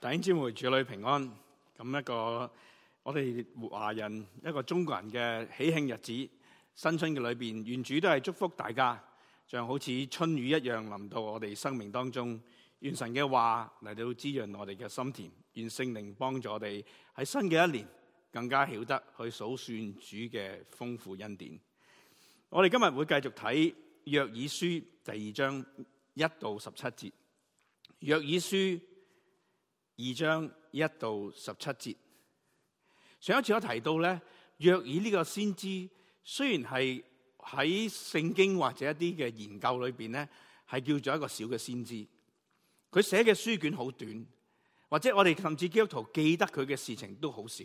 大年初二，主你平安！咁一個我哋華人一個中國人嘅喜慶日子，新春嘅裏邊，願主都係祝福大家，像好似春雨一樣淋到我哋生命當中。願神嘅話嚟到滋潤我哋嘅心田，願聖靈幫助我哋喺新嘅一年更加曉得去數算主嘅豐富恩典。我哋今日會繼續睇約珥書第二章一到十七節，約珥書。二章一到十七節，上一次我提到咧，約珥呢個先知雖然係喺聖經或者一啲嘅研究裏邊咧，係叫做一個小嘅先知。佢寫嘅書卷好短，或者我哋甚至基督徒記得佢嘅事情都好少，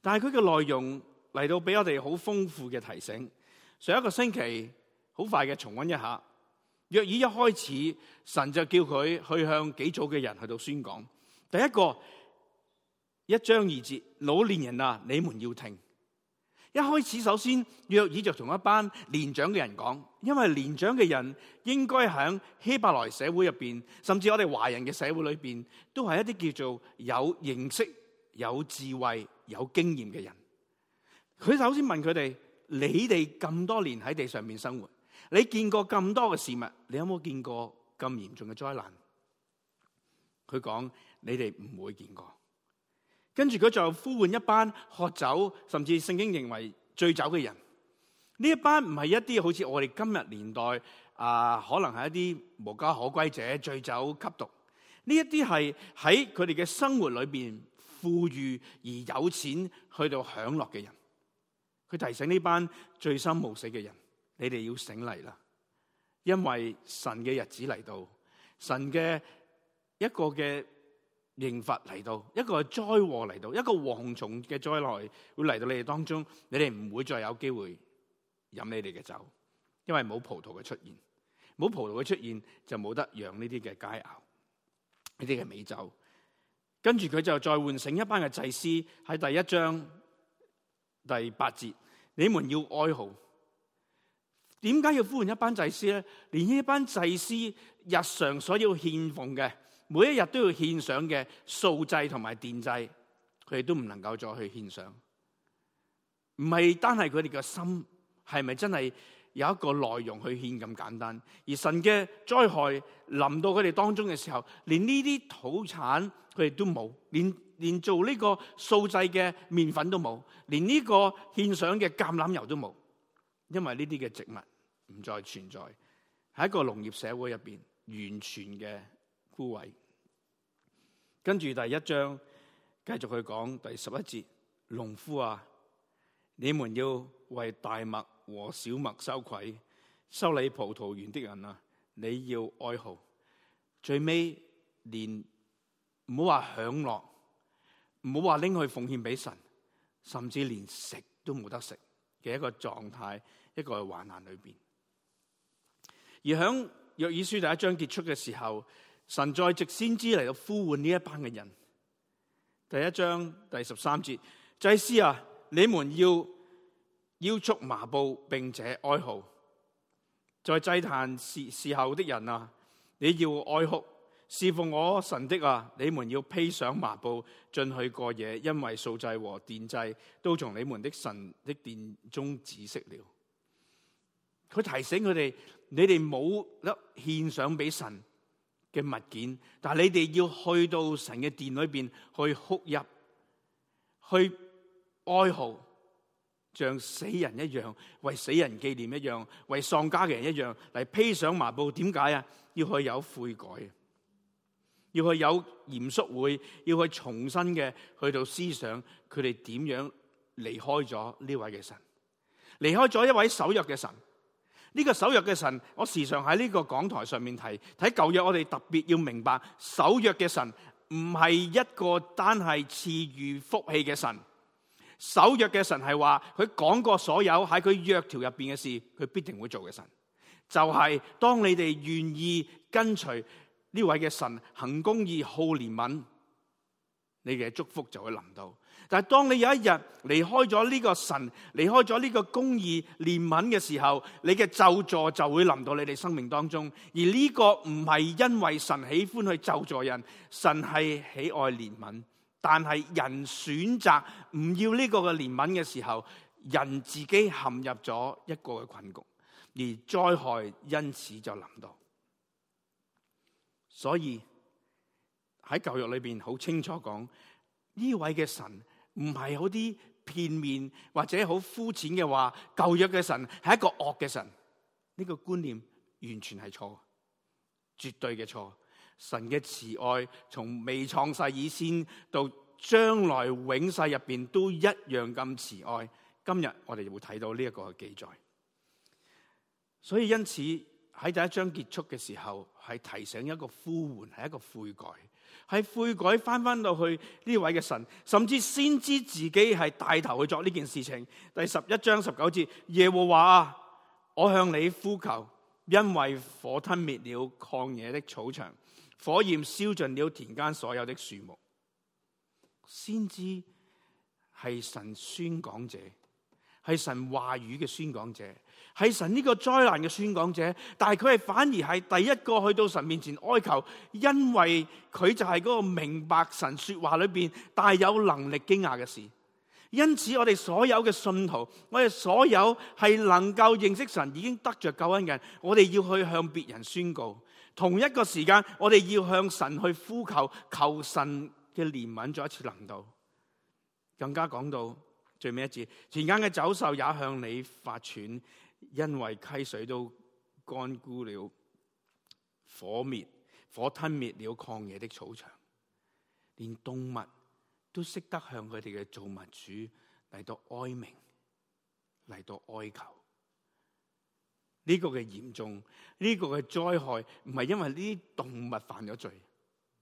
但係佢嘅內容嚟到俾我哋好豐富嘅提醒。上一個星期好快嘅重溫一下，約珥一開始神就叫佢去向幾組嘅人去到宣講。第一個一章二節，老年人啊，你們要聽。一開始首先約珥就同一班年長嘅人講，因為年長嘅人應該喺希伯來社會入邊，甚至我哋華人嘅社會裏邊，都係一啲叫做有認識、有智慧、有經驗嘅人。佢首先問佢哋：「你哋咁多年喺地上面生活，你見過咁多嘅事物，你有冇見過咁嚴重嘅災難？佢講。你哋唔會見過，跟住佢就呼喚一班喝酒，甚至聖經認為醉酒嘅人。呢一班唔係一啲好似我哋今日年代啊，可能係一啲無家可歸者醉酒吸毒。呢一啲係喺佢哋嘅生活裏邊富裕而有錢去到享樂嘅人。佢提醒呢班醉生夢死嘅人，你哋要醒嚟啦，因為神嘅日子嚟到，神嘅一個嘅。刑罰嚟到，一個係災禍嚟到，一個蝗蟲嘅災害會來會嚟到你哋當中，你哋唔會再有機會飲你哋嘅酒，因為冇葡萄嘅出現，冇葡萄嘅出現就冇得釀呢啲嘅佳肴，呢啲嘅美酒。跟住佢就再喚醒一班嘅祭司喺第一章第八節，你們要哀號。點解要呼喚一班祭司咧？連呢一班祭司日常所要獻奉嘅每一日都要獻上嘅素祭同埋奠祭，佢哋都唔能夠再去獻上。唔係單係佢哋嘅心係咪真係有一個內容去獻咁簡單？而神嘅災害臨到佢哋當中嘅時候，連呢啲土產佢哋都冇，連連做呢個素祭嘅麵粉都冇，連呢個獻上嘅橄欖油都冇，因為呢啲嘅植物唔再存在喺一個農業社會入邊，完全嘅。枯萎。跟住第一章繼續去講第十一節，農夫啊，你們要為大麥和小麥羞愧，修理你葡萄園的人啊，你要哀號，最尾連唔好話享樂，唔好話拎去奉獻俾神，甚至連食都冇得食嘅一個狀態，一個患難裏邊。而喺約珥書第一章結束嘅時候。神在藉先知嚟到呼喚呢一班嘅人，第一章第十三節，祭司啊，你們要腰束麻布，並且哀號。在祭壇事事后的人啊，你要哀哭，侍奉我神的啊，你們要披上麻布進去過夜，因為數祭和奠祭都從你們的神的殿中止息了。佢提醒佢哋，你哋冇得獻上俾神。嘅物件，但係你哋要去到神嘅殿裏邊去哭泣，去哀嚎，像死人一樣，為死人紀念一樣，為喪家嘅人一樣嚟披上麻布。點解啊？要去有悔改，要去有嚴肅會，要去重新嘅去到思想佢哋點樣離開咗呢位嘅神，離開咗一位守約嘅神。呢個守約嘅神，我時常喺呢個講台上面提，睇舊約我哋特別要明白，守約嘅神唔係一個單係賜予福氣嘅神，守約嘅神係話佢講過所有喺佢約條入邊嘅事，佢必定會做嘅神。就係、是、當你哋願意跟隨呢位嘅神，行公義、好憐憫，你嘅祝福就會臨到。但係當你有一日離開咗呢個神，離開咗呢個公義憐憫嘅時候，你嘅咒詛就會臨到你哋生命當中。而呢個唔係因為神喜歡去咒詛人，神係喜愛憐憫。但係人選擇唔要呢個嘅憐憫嘅時候，人自己陷入咗一個嘅困局，而災害因此就臨到。所以喺教育裏邊好清楚講，呢位嘅神。唔係好啲片面或者好膚淺嘅話，舊約嘅神係一個惡嘅神，呢個觀念完全係錯，絕對嘅錯。神嘅慈愛從未創世以先到將來永世入邊都一樣咁慈愛。今日我哋就會睇到呢一個嘅記載，所以因此喺第一章結束嘅時候，係提醒一個呼喚，係一個悔改。係悔改翻翻到去呢位嘅神，甚至先知自己係帶頭去做呢件事情。第十一章十九節：耶和華啊，我向你呼求，因為火吞滅了曠野的草場，火焰燒盡了田間所有的樹木。先知係神宣講者，係神話語嘅宣講者。係神呢個災難嘅宣講者，但係佢係反而係第一個去到神面前哀求，因為佢就係嗰個明白神說話裏邊大有能力驚訝嘅事。因此，我哋所有嘅信徒，我哋所有係能夠認識神已經得着救恩嘅人，我哋要去向別人宣告。同一個時間，我哋要向神去呼求，求神嘅憐憫再一次臨到。更加講到最尾一節，前間嘅走獸也向你發喘。因為溪水都乾枯了，火滅，火吞滅了曠野的草場，連動物都識得向佢哋嘅造物主嚟到哀鳴，嚟到哀求。呢個嘅嚴重，呢個嘅災害，唔係因為呢啲動物犯咗罪，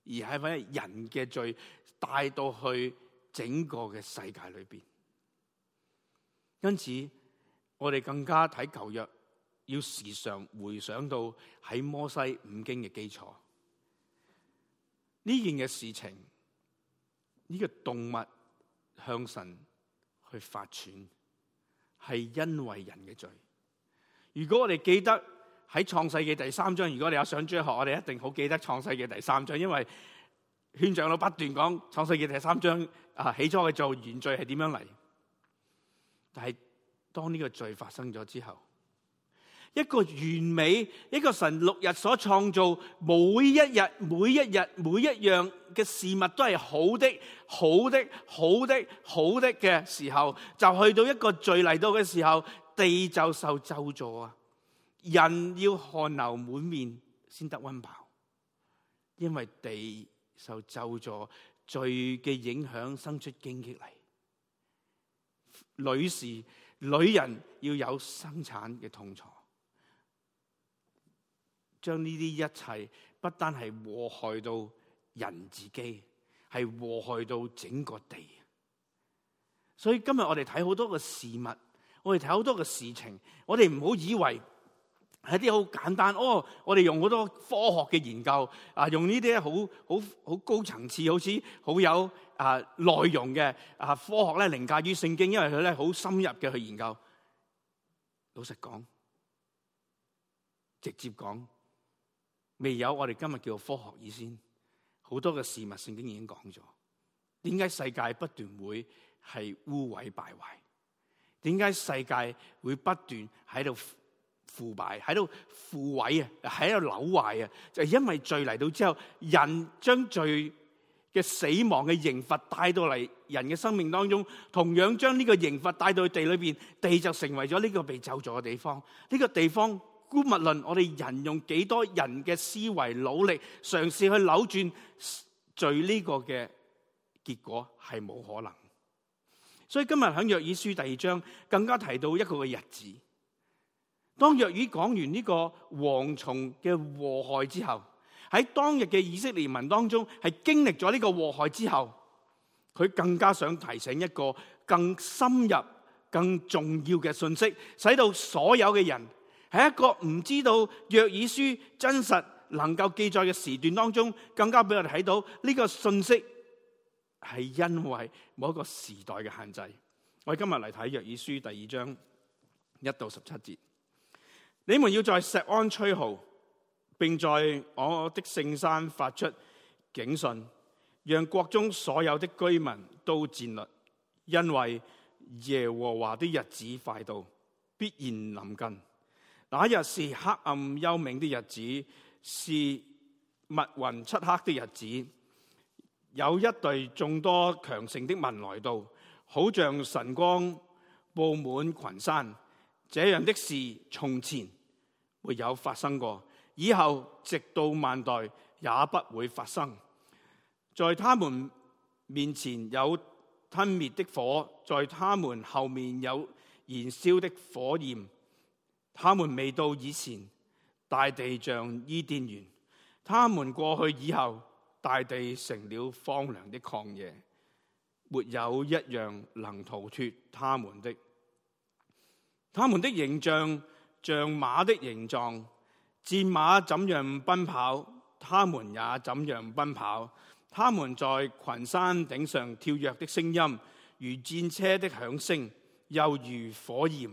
而係因為人嘅罪帶到去整個嘅世界裏面。因此。我哋更加睇舊約，要時常回想到喺摩西五經嘅基礎呢件嘅事情，呢個動物向神去發傳，係因為人嘅罪。如果我哋記得喺創世紀第三章，如果你有想追學，我哋一定好記得創世紀第三章，因為圈長老不斷講創世紀第三章啊，起初嘅做原罪係點樣嚟，但係。當呢個罪發生咗之後，一個完美、一個神六日所創造，每一日、每一日、每一樣嘅事物都係好的。好的，好的，好的嘅時候，就去到一個罪嚟到嘅時候，地就受咒咗啊！人要汗流滿面先得温飽，因為地受咒咗，罪嘅影響生出荊棘嚟，女士。女人要有生產嘅痛楚，將呢啲一切不單係禍害到人自己，係禍害到整個地。所以今日我哋睇好多嘅事物，我哋睇好多嘅事情，我哋唔好以為。係一啲好簡單哦！Oh, 我哋用好多科學嘅研究啊，用呢啲好好好高層次，好似好有啊內容嘅啊科學咧，凌駕於聖經，因為佢咧好深入嘅去研究。老實講，直接講，未有我哋今日叫科學以先，好多嘅事物聖經已經講咗。點解世界不斷會係污穢敗壞？點解世界會不斷喺度？腐敗喺度腐壞啊，喺度扭壞啊，就係因為罪嚟到之後，人將罪嘅死亡嘅刑罰帶到嚟人嘅生命當中，同樣將呢個刑罰帶到去地裏邊，地就成為咗呢個被咒詛嘅地方。呢個地方，姑勿論，我哋人用幾多人嘅思維、努力嘗試去扭轉罪呢個嘅結果係冇可能。所以今日喺約珥書第二章更加提到一個嘅日子。當約珥講完呢個蝗蟲嘅禍害之後，喺當日嘅以色列民當中，係經歷咗呢個禍害之後，佢更加想提醒一個更深入、更重要嘅信息，使到所有嘅人喺一個唔知道約珥書真實能夠記載嘅時段當中，更加俾我哋睇到呢個信息係因為某一個時代嘅限制。我哋今日嚟睇約珥書第二章一到十七節。你們要在錫安吹號，並在我的聖山發出警訊，讓國中所有的居民都戰慄，因為耶和華的日子快到，必然臨近。那日是黑暗幽冥的日子，是密雲漆黑的日子。有一隊眾多強盛的民來到，好像晨光佈滿群山。這樣的事從前沒有發生過，以後直到萬代也不會發生。在他們面前有吞滅的火，在他們後面有燃燒的火焰。他們未到以前，大地像伊甸園；他們過去以後，大地成了荒涼的曠野，沒有一樣能逃脫他們的。他們的形象像馬的形狀，戰馬怎樣奔跑，他們也怎樣奔跑。他們在群山頂上跳躍的聲音，如戰車的響聲，又如火焰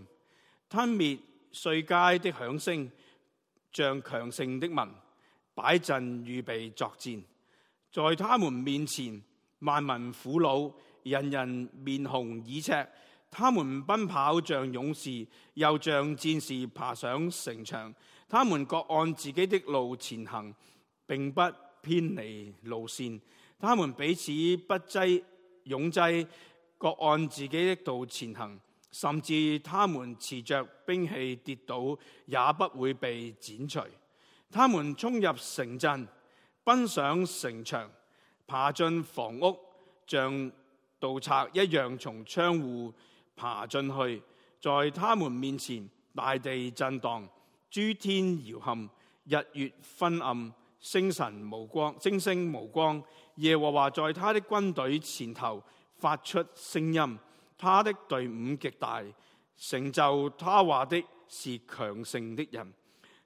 吞滅碎秸的響聲，像強盛的民擺陣預備作戰。在他們面前，萬民苦惱，人人面紅耳赤。他們奔跑像勇士，又像戰士爬上城牆。他們各按自己的路前行，並不偏離路線。他們彼此不擠，擁擠，各按自己的道前行。甚至他們持着兵器跌倒，也不會被剪除。他們衝入城鎮，奔上城牆，爬進房屋，像盜賊一樣從窗戶。爬進去，在他們面前大地震蕩，諸天搖撼，日月昏暗，星辰無光，星星無光。耶和華在他的軍隊前頭發出聲音，他的隊伍極大，成就他話的是強盛的人。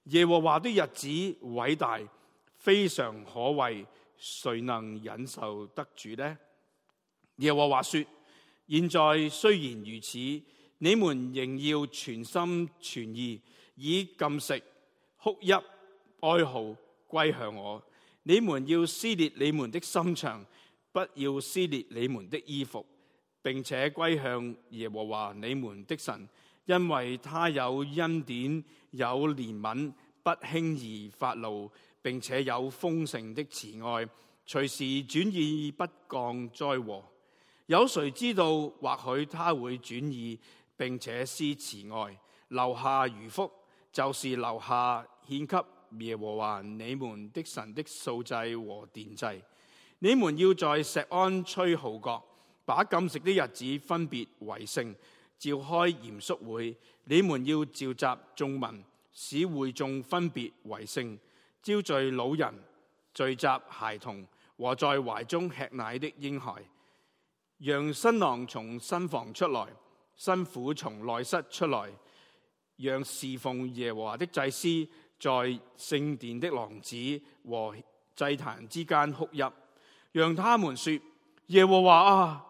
耶和華的日子偉大，非常可畏，誰能忍受得住呢？耶和華說：現在雖然如此，你們仍要全心全意以禁食、哭泣、哀號歸向我。你們要撕裂你們的心腸，不要撕裂你們的衣服，並且歸向耶和華你們的神，因為他有恩典、有憐憫，不輕易發怒，並且有豐盛的慈愛，隨時轉意不降災禍。有誰知道？或許他會轉意，並且施慈愛，留下餘福，就是留下獻給耶和華你們的神的素祭和奠祭。你們要在錫安吹號角，把禁食的日子分別為聖，召開嚴肅會。你們要召集眾民，使會眾分別為聖，招聚老人，聚集孩童和在懷中吃奶的嬰孩。讓新郎從新房出來，新婦從內室出來。讓侍奉耶和華的祭司在聖殿的廊子和祭壇之間哭泣，讓他們說：耶和華啊，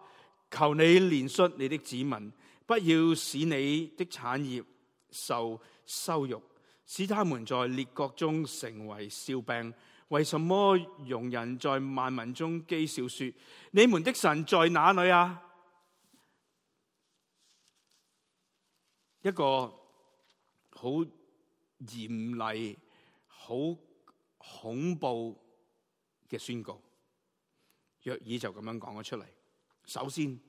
求你憐恤你的子民，不要使你的產業受羞辱，使他們在列國中成為笑柄。為什麼容人在萬民中譏笑說，你們的神在哪裏啊？一個好嚴厲、好恐怖嘅宣告，約珥就咁樣講咗出嚟。首先，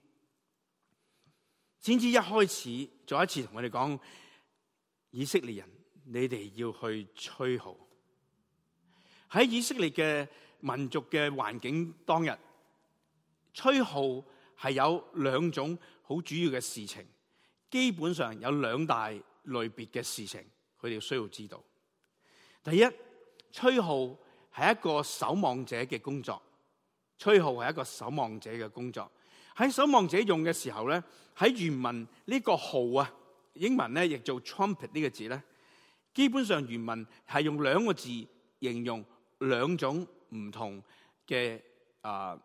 先知一開始，再一次同我哋講，以色列人，你哋要去吹號。喺以色列嘅民族嘅環境當日，吹號係有兩種好主要嘅事情，基本上有兩大類別嘅事情，佢哋需要知道。第一，吹號係一個守望者嘅工作，吹號係一個守望者嘅工作。喺守望者用嘅時候咧，喺原文呢個號啊，英文咧亦做 trumpet 呢個字咧，基本上原文係用兩個字形容。兩種唔同嘅啊、呃，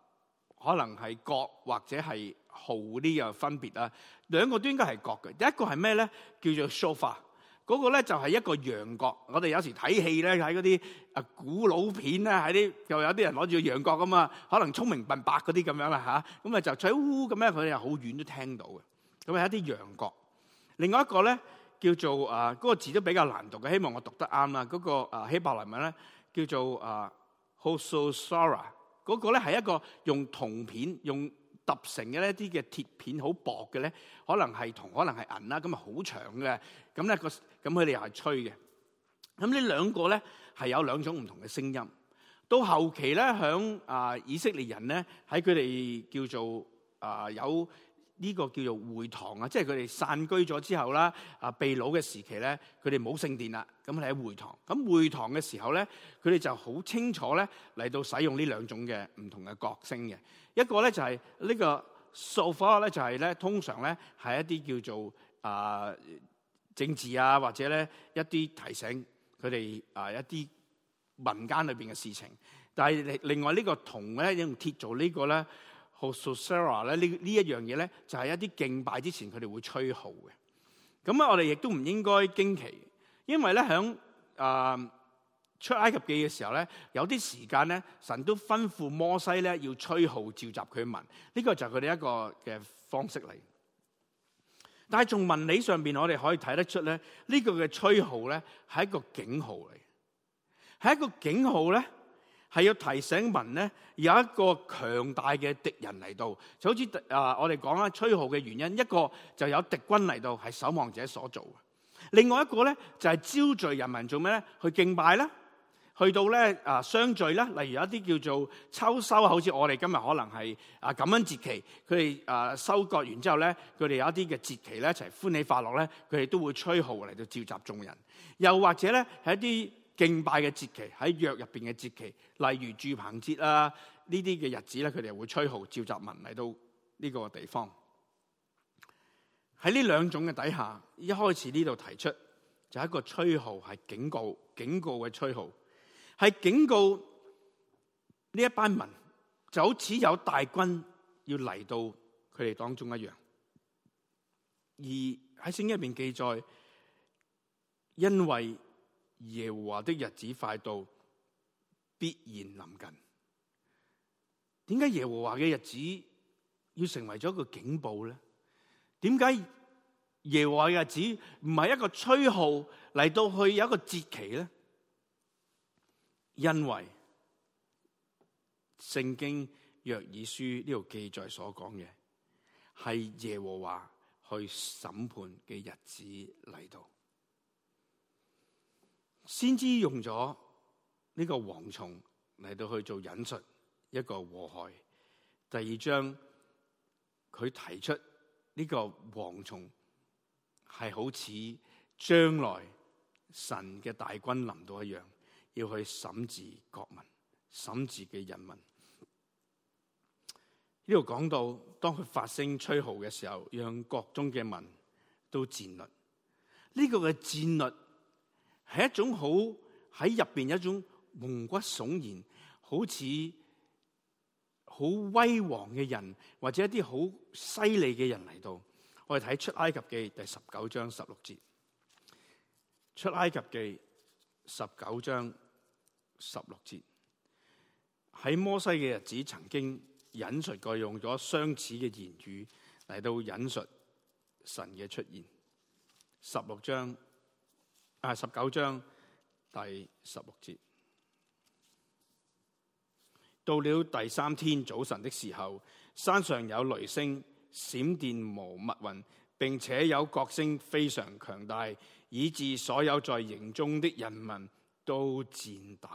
可能係角或者係號呢樣分別啦。兩個都應該係角嘅，第一個係咩咧？叫做 sofa，嗰個咧就係、是、一個羊角。我哋有時睇戲咧，喺嗰啲啊古老片咧，喺啲又有啲人攞住個羊角咁嘛，可能聰明笨白嗰啲咁樣啦吓，咁啊那就吹呼呼咁咧，佢哋好遠都聽到嘅。咁係一啲羊角。另外一個咧叫做啊，嗰、呃那個字都比較難讀嘅，希望我讀得啱啦。嗰、那個啊、呃、希伯來文咧。叫做啊，Hososara 嗰個咧係一個用銅片用揼成嘅一啲嘅鐵片，好薄嘅咧，可能係銅可能係銀啦，咁啊好長嘅，咁、那、咧個咁佢哋又係吹嘅。咁呢兩個咧係有兩種唔同嘅聲音。到後期咧，響啊以色列人咧喺佢哋叫做啊、呃、有。呢個叫做會堂啊，即係佢哋散居咗之後啦，啊被擄嘅時期咧，佢哋冇聖殿啦，咁你喺會堂。咁會堂嘅時候咧，佢哋就好清楚咧嚟到使用呢兩種嘅唔同嘅角聲嘅。一個咧就係、是、呢、這個 shofar 咧、就是，就係咧通常咧係一啲叫做啊、呃、政治啊或者咧一啲提醒佢哋啊一啲民間裏邊嘅事情。但係另外呢個銅咧用鐵做呢、這個咧。好蘇撒拉咧呢呢一樣嘢咧就係一啲敬拜之前佢哋會吹號嘅，咁啊我哋亦都唔應該驚奇，因為咧響啊出埃及記嘅時候咧有啲時間咧神都吩咐摩西咧要吹號召集佢民呢、這個就係佢哋一個嘅方式嚟。但係從文理上面，我哋可以睇得出咧呢、這個嘅吹號咧係一個警號嚟，係一個警號咧。係要提醒民咧，有一個強大嘅敵人嚟到，就好似啊、呃，我哋講啦，吹號嘅原因一個就有敵軍嚟到，係守望者所做；另外一個咧就係、是、招聚人民做咩咧？去敬拜啦，去到咧啊、呃、相聚啦。例如有一啲叫做秋收，好似我哋今日可能係啊感恩節期，佢哋啊收割完之後咧，佢哋有一啲嘅節期咧一齊歡喜快樂咧，佢哋都會吹號嚟到召集眾人，又或者咧係一啲。敬拜嘅節期喺約入邊嘅節期，例如住棚節啊呢啲嘅日子咧，佢哋會吹號召集民嚟到呢個地方。喺呢兩種嘅底下，一開始呢度提出就係一個吹號係警告，警告嘅吹號係警告呢一班民，就好似有大軍要嚟到佢哋當中一樣。而喺聖經入邊記載，因為。耶和華的日子快到，必然臨近。點解耶和華嘅日子要成為咗一個警報咧？點解耶和華嘅日子唔係一個吹號嚟到去有一個節期咧？因為聖經約珥書呢度記載所講嘅係耶和華去審判嘅日子嚟到。先知用咗呢個蝗蟲嚟到去做引述一個禍害。第二章佢提出呢個蝗蟲係好似將來神嘅大軍臨到一樣，要去審治國民、審治嘅人民。呢度講到，當佢發聲吹號嘅時候，讓國中嘅民都戰慄。呢個嘅戰慄。係一種好喺入邊有一種毛骨悚然，好似好威煌嘅人或者一啲好犀利嘅人嚟到，我哋睇出埃及記第十九章十六節。出埃及記十九章十六節，喺摩西嘅日子曾經引述過用咗相似嘅言語嚟到引述神嘅出現。十六章。啊，十九章第十六節，到了第三天早晨的時候，山上有雷聲、閃電和密雲，並且有角聲非常強大，以致所有在營中的人民都顫抖。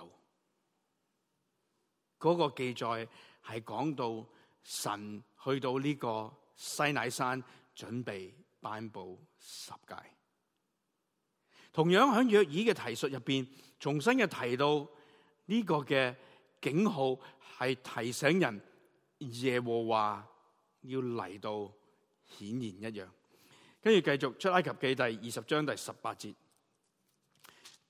嗰、那個記載係講到神去到呢個西乃山，準備頒布十誡。同樣喺約珥嘅提述入邊，重新嘅提到呢個嘅警號，係提醒人耶和華要嚟到顯然一樣。跟住繼續出埃及記第二十章第十八節，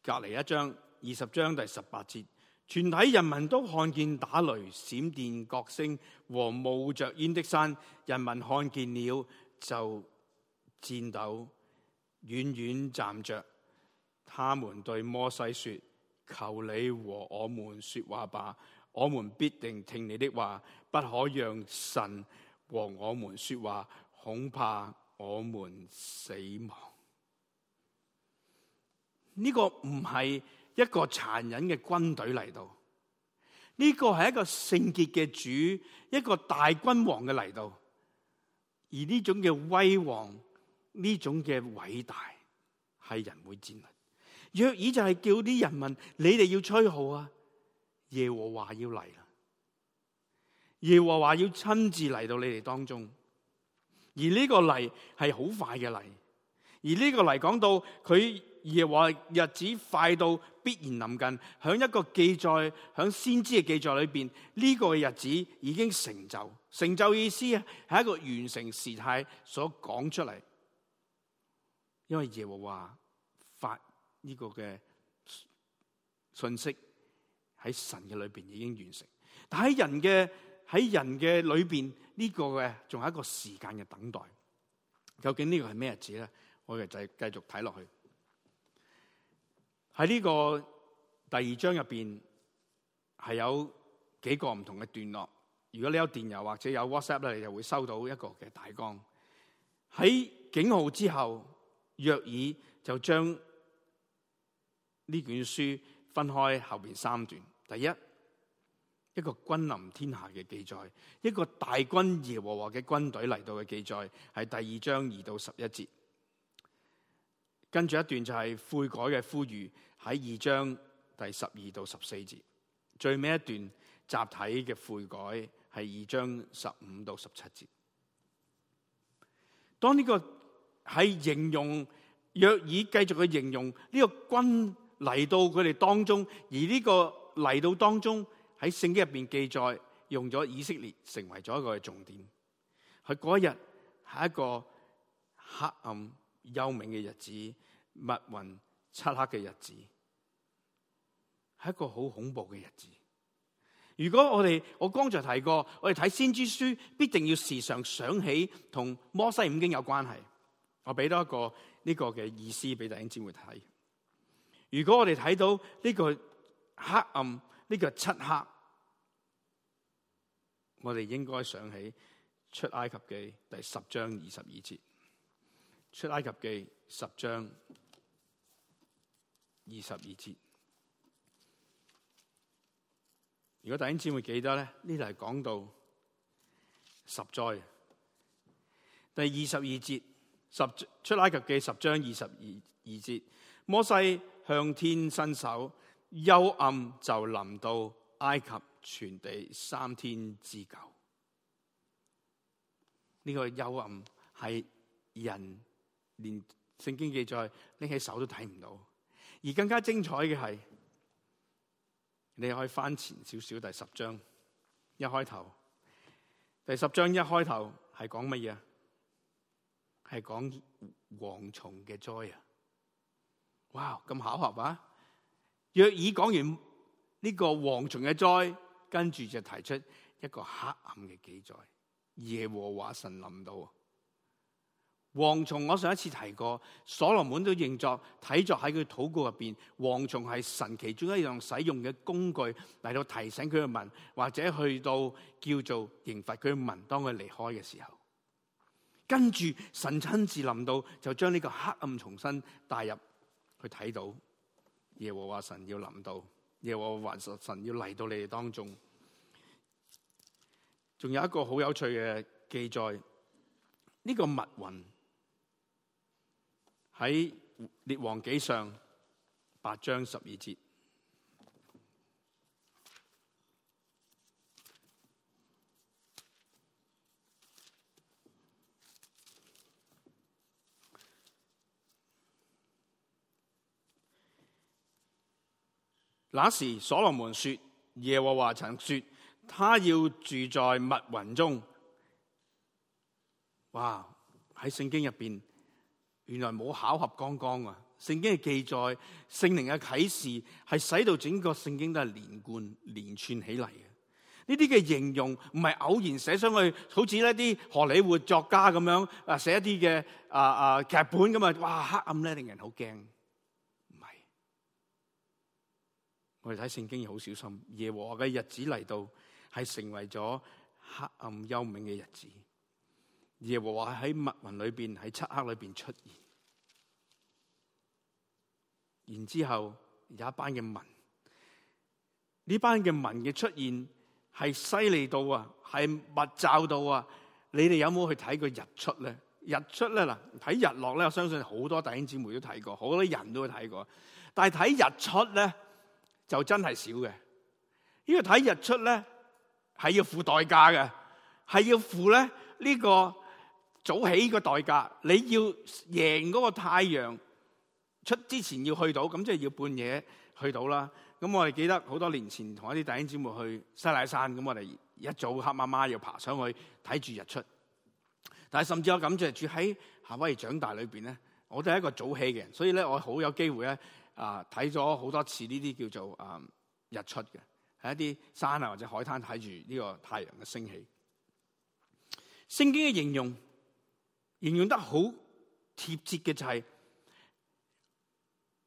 隔離一章二十章第十八節，全體人民都看見打雷、閃電、角聲和冒着煙的山，人民看見了就顫抖，遠遠站着，他們對摩西說：求你和我們說話吧，我們必定聽你的話，不可讓神和我們說話，恐怕我們死亡。呢個唔係一個殘忍嘅軍隊嚟到，呢、這個係一個聖潔嘅主，一個大君王嘅嚟到。而呢種嘅威煌，呢種嘅偉大，係人會戰。約珥就係叫啲人民，你哋要吹號啊！耶和華要嚟啦，耶和華要親自嚟到你哋當中。而呢個嚟係好快嘅嚟，而呢個嚟講到佢耶和華日子快到，必然臨近。響一個記載，響先知嘅記載裏邊，呢個嘅日子已經成就。成就意思係一個完成時態所講出嚟，因為耶和華。呢個嘅信息喺神嘅裏邊已經完成，但喺人嘅喺人嘅裏邊呢個嘅仲係一個時間嘅等待。究竟呢個係咩日子咧？我哋就繼續睇落去。喺呢個第二章入邊係有幾個唔同嘅段落。如果你有電郵或者有 WhatsApp 咧，你就會收到一個嘅大綱。喺警號之後，約珥就將。呢卷書分開後邊三段，第一一個君臨天下嘅記載，一個大軍耶和華嘅軍隊嚟到嘅記載，係第二章二到十一節。跟住一段就係悔改嘅呼籲，喺二章第十二到十四節。最尾一段集體嘅悔改係二章十五到十七節。當呢個係形容，約珥繼續去形容呢個軍。嚟到佢哋當中，而呢個嚟到當中喺聖經入邊記載，用咗以色列成為咗一個重點。佢嗰日係一個黑暗幽冥嘅日子，密雲漆黑嘅日子，係一個好恐怖嘅日子。如果我哋我剛才提過，我哋睇先知書，必定要時常想起同摩西五經有關係。我俾多一個呢個嘅意思俾弟兄姊妹睇。給大家看。如果我哋睇到呢個黑暗，呢、這個漆黑，我哋應該想起出埃及記第十章二十二節。出埃及記十章二十二節。如果弟兄姊妹記得咧，呢度係講到十災第二十二節，十出埃及記十章二十二二節，摩西。向天伸手，幽暗就臨到埃及全地三天之久。呢、這個幽暗係人連聖經記載拎起手都睇唔到。而更加精彩嘅係，你可以翻前少少第十章，一開頭。第十章一開頭係講乜嘢？係講蝗蟲嘅災啊！哇，咁巧合啊！約珥講完呢個蝗蟲嘅災，跟住就提出一個黑暗嘅記載。耶和華神臨到。蝗蟲我上一次提過，所羅門都認作睇作喺佢禱告入邊，蝗蟲係神其中一樣使用嘅工具嚟到提醒佢嘅民，或者去到叫做刑罰佢嘅民。當佢離開嘅時候，跟住神親自臨到，就將呢個黑暗重新帶入。佢睇到耶和華神要臨到，耶和華神要嚟到你哋當中。仲有一個好有趣嘅記載，呢、這個密雲喺列王紀上八章十二節。那時所羅門說：耶和華曾說，他要住在密雲中。哇！喺聖經入邊，原來冇巧合剛剛啊！聖經係記載聖靈嘅啟示，係使到整個聖經都係連貫連串起嚟嘅。呢啲嘅形容唔係偶然寫上去，好似一啲荷里活作家咁樣啊，寫一啲嘅啊啊劇本咁啊，哇！黑暗咧令人好驚。我哋睇聖經要好小心。耶和華嘅日子嚟到係成為咗黑暗幽冥嘅日子。耶和華喺密雲裏邊，喺漆黑裏邊出現。然之後有一班嘅民，呢班嘅民嘅出現係犀利到啊，係密罩到啊！你哋有冇去睇過日出咧？日出咧嗱，睇日落咧，我相信好多弟兄姐妹都睇過，好多人都睇過。但係睇日出咧。就真係少嘅，因為睇日出咧係要付代價嘅，係要付咧呢個早起嘅代價。你要贏嗰個太陽出之前要去到，咁即係要半夜去到啦。咁我哋記得好多年前同一啲弟兄姊妹去西乃山，咁我哋一早黑媽媽又爬上去睇住日出。但係甚至我感謝住喺夏威夷長大裏面咧，我都係一個早起嘅人，所以咧我好有機會咧。啊，睇咗好多次呢啲叫做啊、嗯、日出嘅，喺一啲山啊或者海灘睇住呢個太陽嘅升起。聖經嘅形容，形容得好貼切嘅就係、是、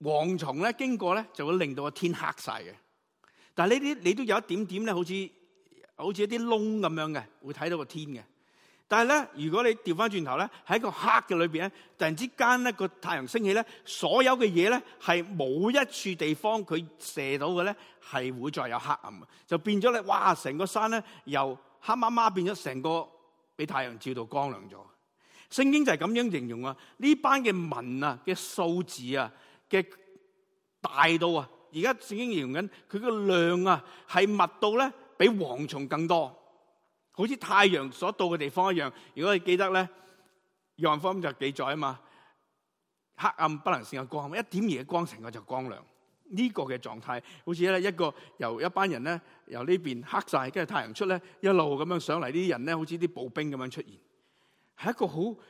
蝗蟲咧經過咧，就會令到個天黑晒嘅。但係呢啲你都有一點點咧，好似好似一啲窿咁樣嘅，會睇到個天嘅。但係咧，如果你掉翻轉頭咧，喺個黑嘅裏面，咧，突然之間咧個太陽升起咧，所有嘅嘢咧係冇一處地方佢射到嘅咧係會再有黑暗，就變咗咧哇！成個山咧由黑麻麻變咗成個俾太陽照到光亮咗。聖經就係咁樣形容啊！呢班嘅文啊嘅數字啊嘅大到啊，而家聖經形容緊佢個量啊係密度咧比蝗蟲更多。好似太陽所到嘅地方一樣，如果你記得咧，《約翰福音》就記載啊嘛，黑暗不能勝過光，一點嘢光成個就是光亮。呢個嘅狀態，好似咧一個由一班人咧由呢邊黑晒，跟住太陽出咧一路咁樣上嚟，啲人咧好似啲步兵咁樣出現，係一個好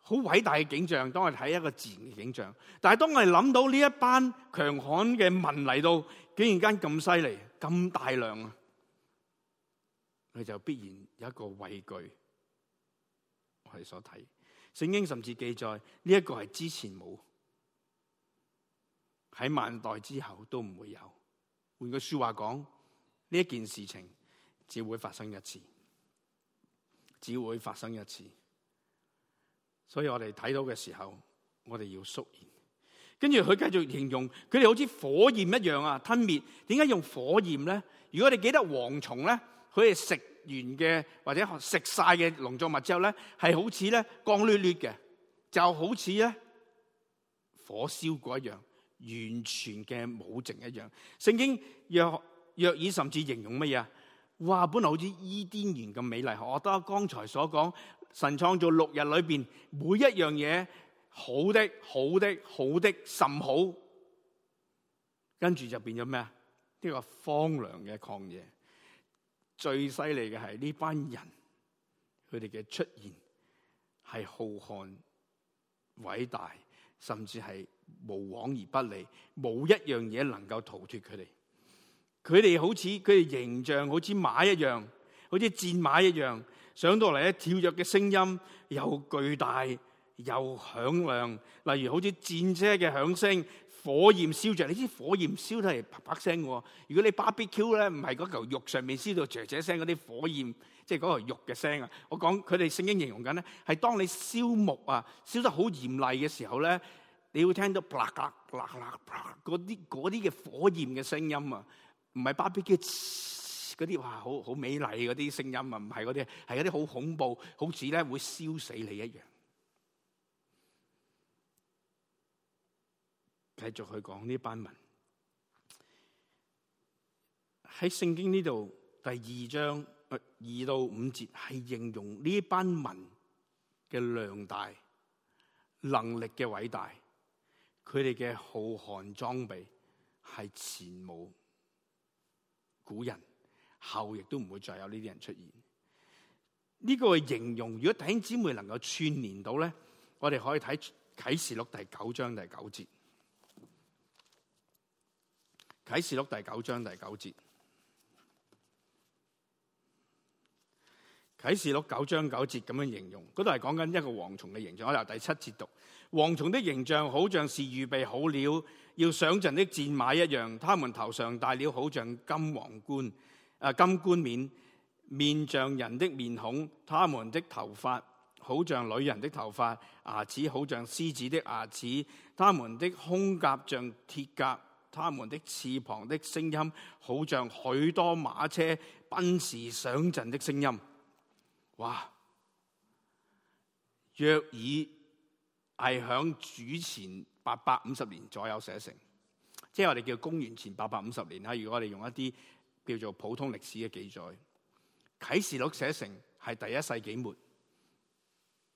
好偉大嘅景象。當我哋睇一個自然嘅景象，但係當我哋諗到呢一班強悍嘅民嚟到，竟然間咁犀利、咁大量啊，佢就必然。一個畏懼，我哋所睇聖經，甚至記載呢一個係之前冇，喺萬代之後都唔會有。換句說話講，呢一件事情只會發生一次，只會發生一次。所以我哋睇到嘅時候，我哋要肅然。跟住佢繼續形容，佢哋好似火焰一樣啊，吞滅。點解用火焰咧？如果你記得蝗蟲咧，佢哋食。完嘅或者食晒嘅農作物之後咧，係好似咧光爍爍嘅，就好似咧火燒過一樣，完全嘅冇剩一樣。聖經約珥書甚至形容乜嘢啊？哇！本來好似伊甸園咁美麗，我覺得剛才所講神創造六日裏邊每一樣嘢好的好的好的,好的甚好，跟住就變咗咩啊？呢、呢個荒涼嘅曠野。最犀利嘅係呢班人，佢哋嘅出現係浩瀚、偉大，甚至係無往而不利，冇一樣嘢能夠逃脫佢哋。佢哋好似佢哋形象，好似馬一樣，好似戰馬一樣上到嚟咧，跳躍嘅聲音又巨大又響亮，例如好似戰車嘅響聲。火焰燒着，你知火焰燒得係啪啪聲喎。如果你 barbecue 咧，唔係嗰嚿肉上面燒到啫啫聲嗰啲火焰，即係嗰嚿肉嘅聲啊。我講佢哋聖經形容緊咧，係當你燒木啊，燒得好嚴厲嘅時候咧，你會聽到啪啪嗰啲啲嘅火焰嘅聲音啊，唔係 barbecue 嗰啲哇好好美麗嗰啲聲音啊，唔係嗰啲，係嗰啲好恐怖，好似咧會燒死你一樣。繼續去講呢班民。喺聖經呢度第二章二到五節，係形容呢班民嘅量大能力嘅偉大，佢哋嘅浩瀚裝備，係前無古人後亦都唔會再有呢啲人出現。呢個形容，如果弟兄姊妹能夠串聯到咧，我哋可以睇啟示錄第九章第九節。啟示錄第九章第九節，啟示錄九章九節咁樣形容，嗰度係講緊一個蝗蟲嘅形象。我由第七節讀：蝗蟲的形象好像是預備好了要上陣的戰馬一樣，他們頭上戴了好像金皇冠、啊、呃、金冠冕，面像人的面孔，他們的頭髮好像女人的頭髮，牙齒好像獅子的牙齒，他們的胸甲像鐵甲。他們的翅膀的聲音，好像許多馬車奔馳上陣的聲音。哇！約珥係響主前八百五十年左右寫成，即係我哋叫公元前八百五十年啦。如果我哋用一啲叫做普通歷史嘅記載，《啟示錄》寫成係第一世紀末，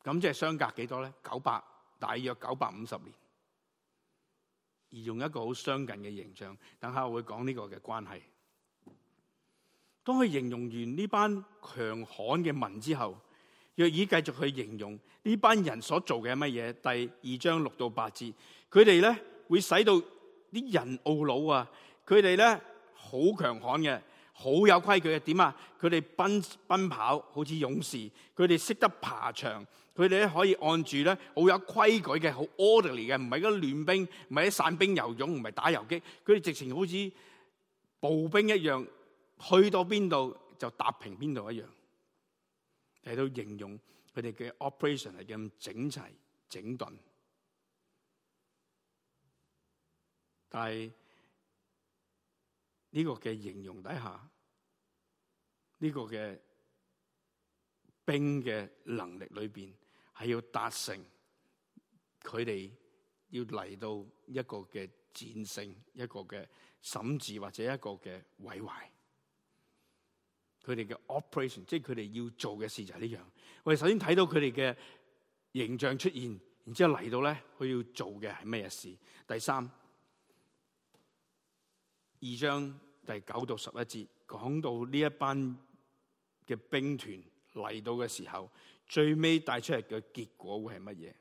咁即係相隔幾多咧？九百，大約九百五十年。而用一個好相近嘅形象，等下我會講呢個嘅關係。當佢形容完呢班強悍嘅民之後，約珥繼續去形容呢班人所做嘅乜嘢。第二章六到八節，佢哋咧會使到啲人懊惱啊！佢哋咧好強悍嘅，好有規矩嘅。點啊？佢哋奔奔跑好似勇士，佢哋識得爬牆。佢哋咧可以按住咧好有規矩嘅，好 orderly 嘅，唔係嗰啲亂兵，唔係啲散兵游勇，唔係打游擊。佢哋直情好似步兵一樣，去到邊度就踏平邊度一樣。嚟到形容佢哋嘅 operation 係咁整齊整頓。但係呢個嘅形容底下，呢個嘅兵嘅能力裏邊。係要達成佢哋要嚟到一個嘅戰勝，一個嘅審治或者一個嘅毀壞。佢哋嘅 operation，即係佢哋要做嘅事就係呢樣。我哋首先睇到佢哋嘅形象出現，然之後嚟到咧，佢要做嘅係咩事？第三，二章第九到十一節講到呢一班嘅兵團嚟到嘅時候。最尾帶出嚟嘅結果會係乜嘢？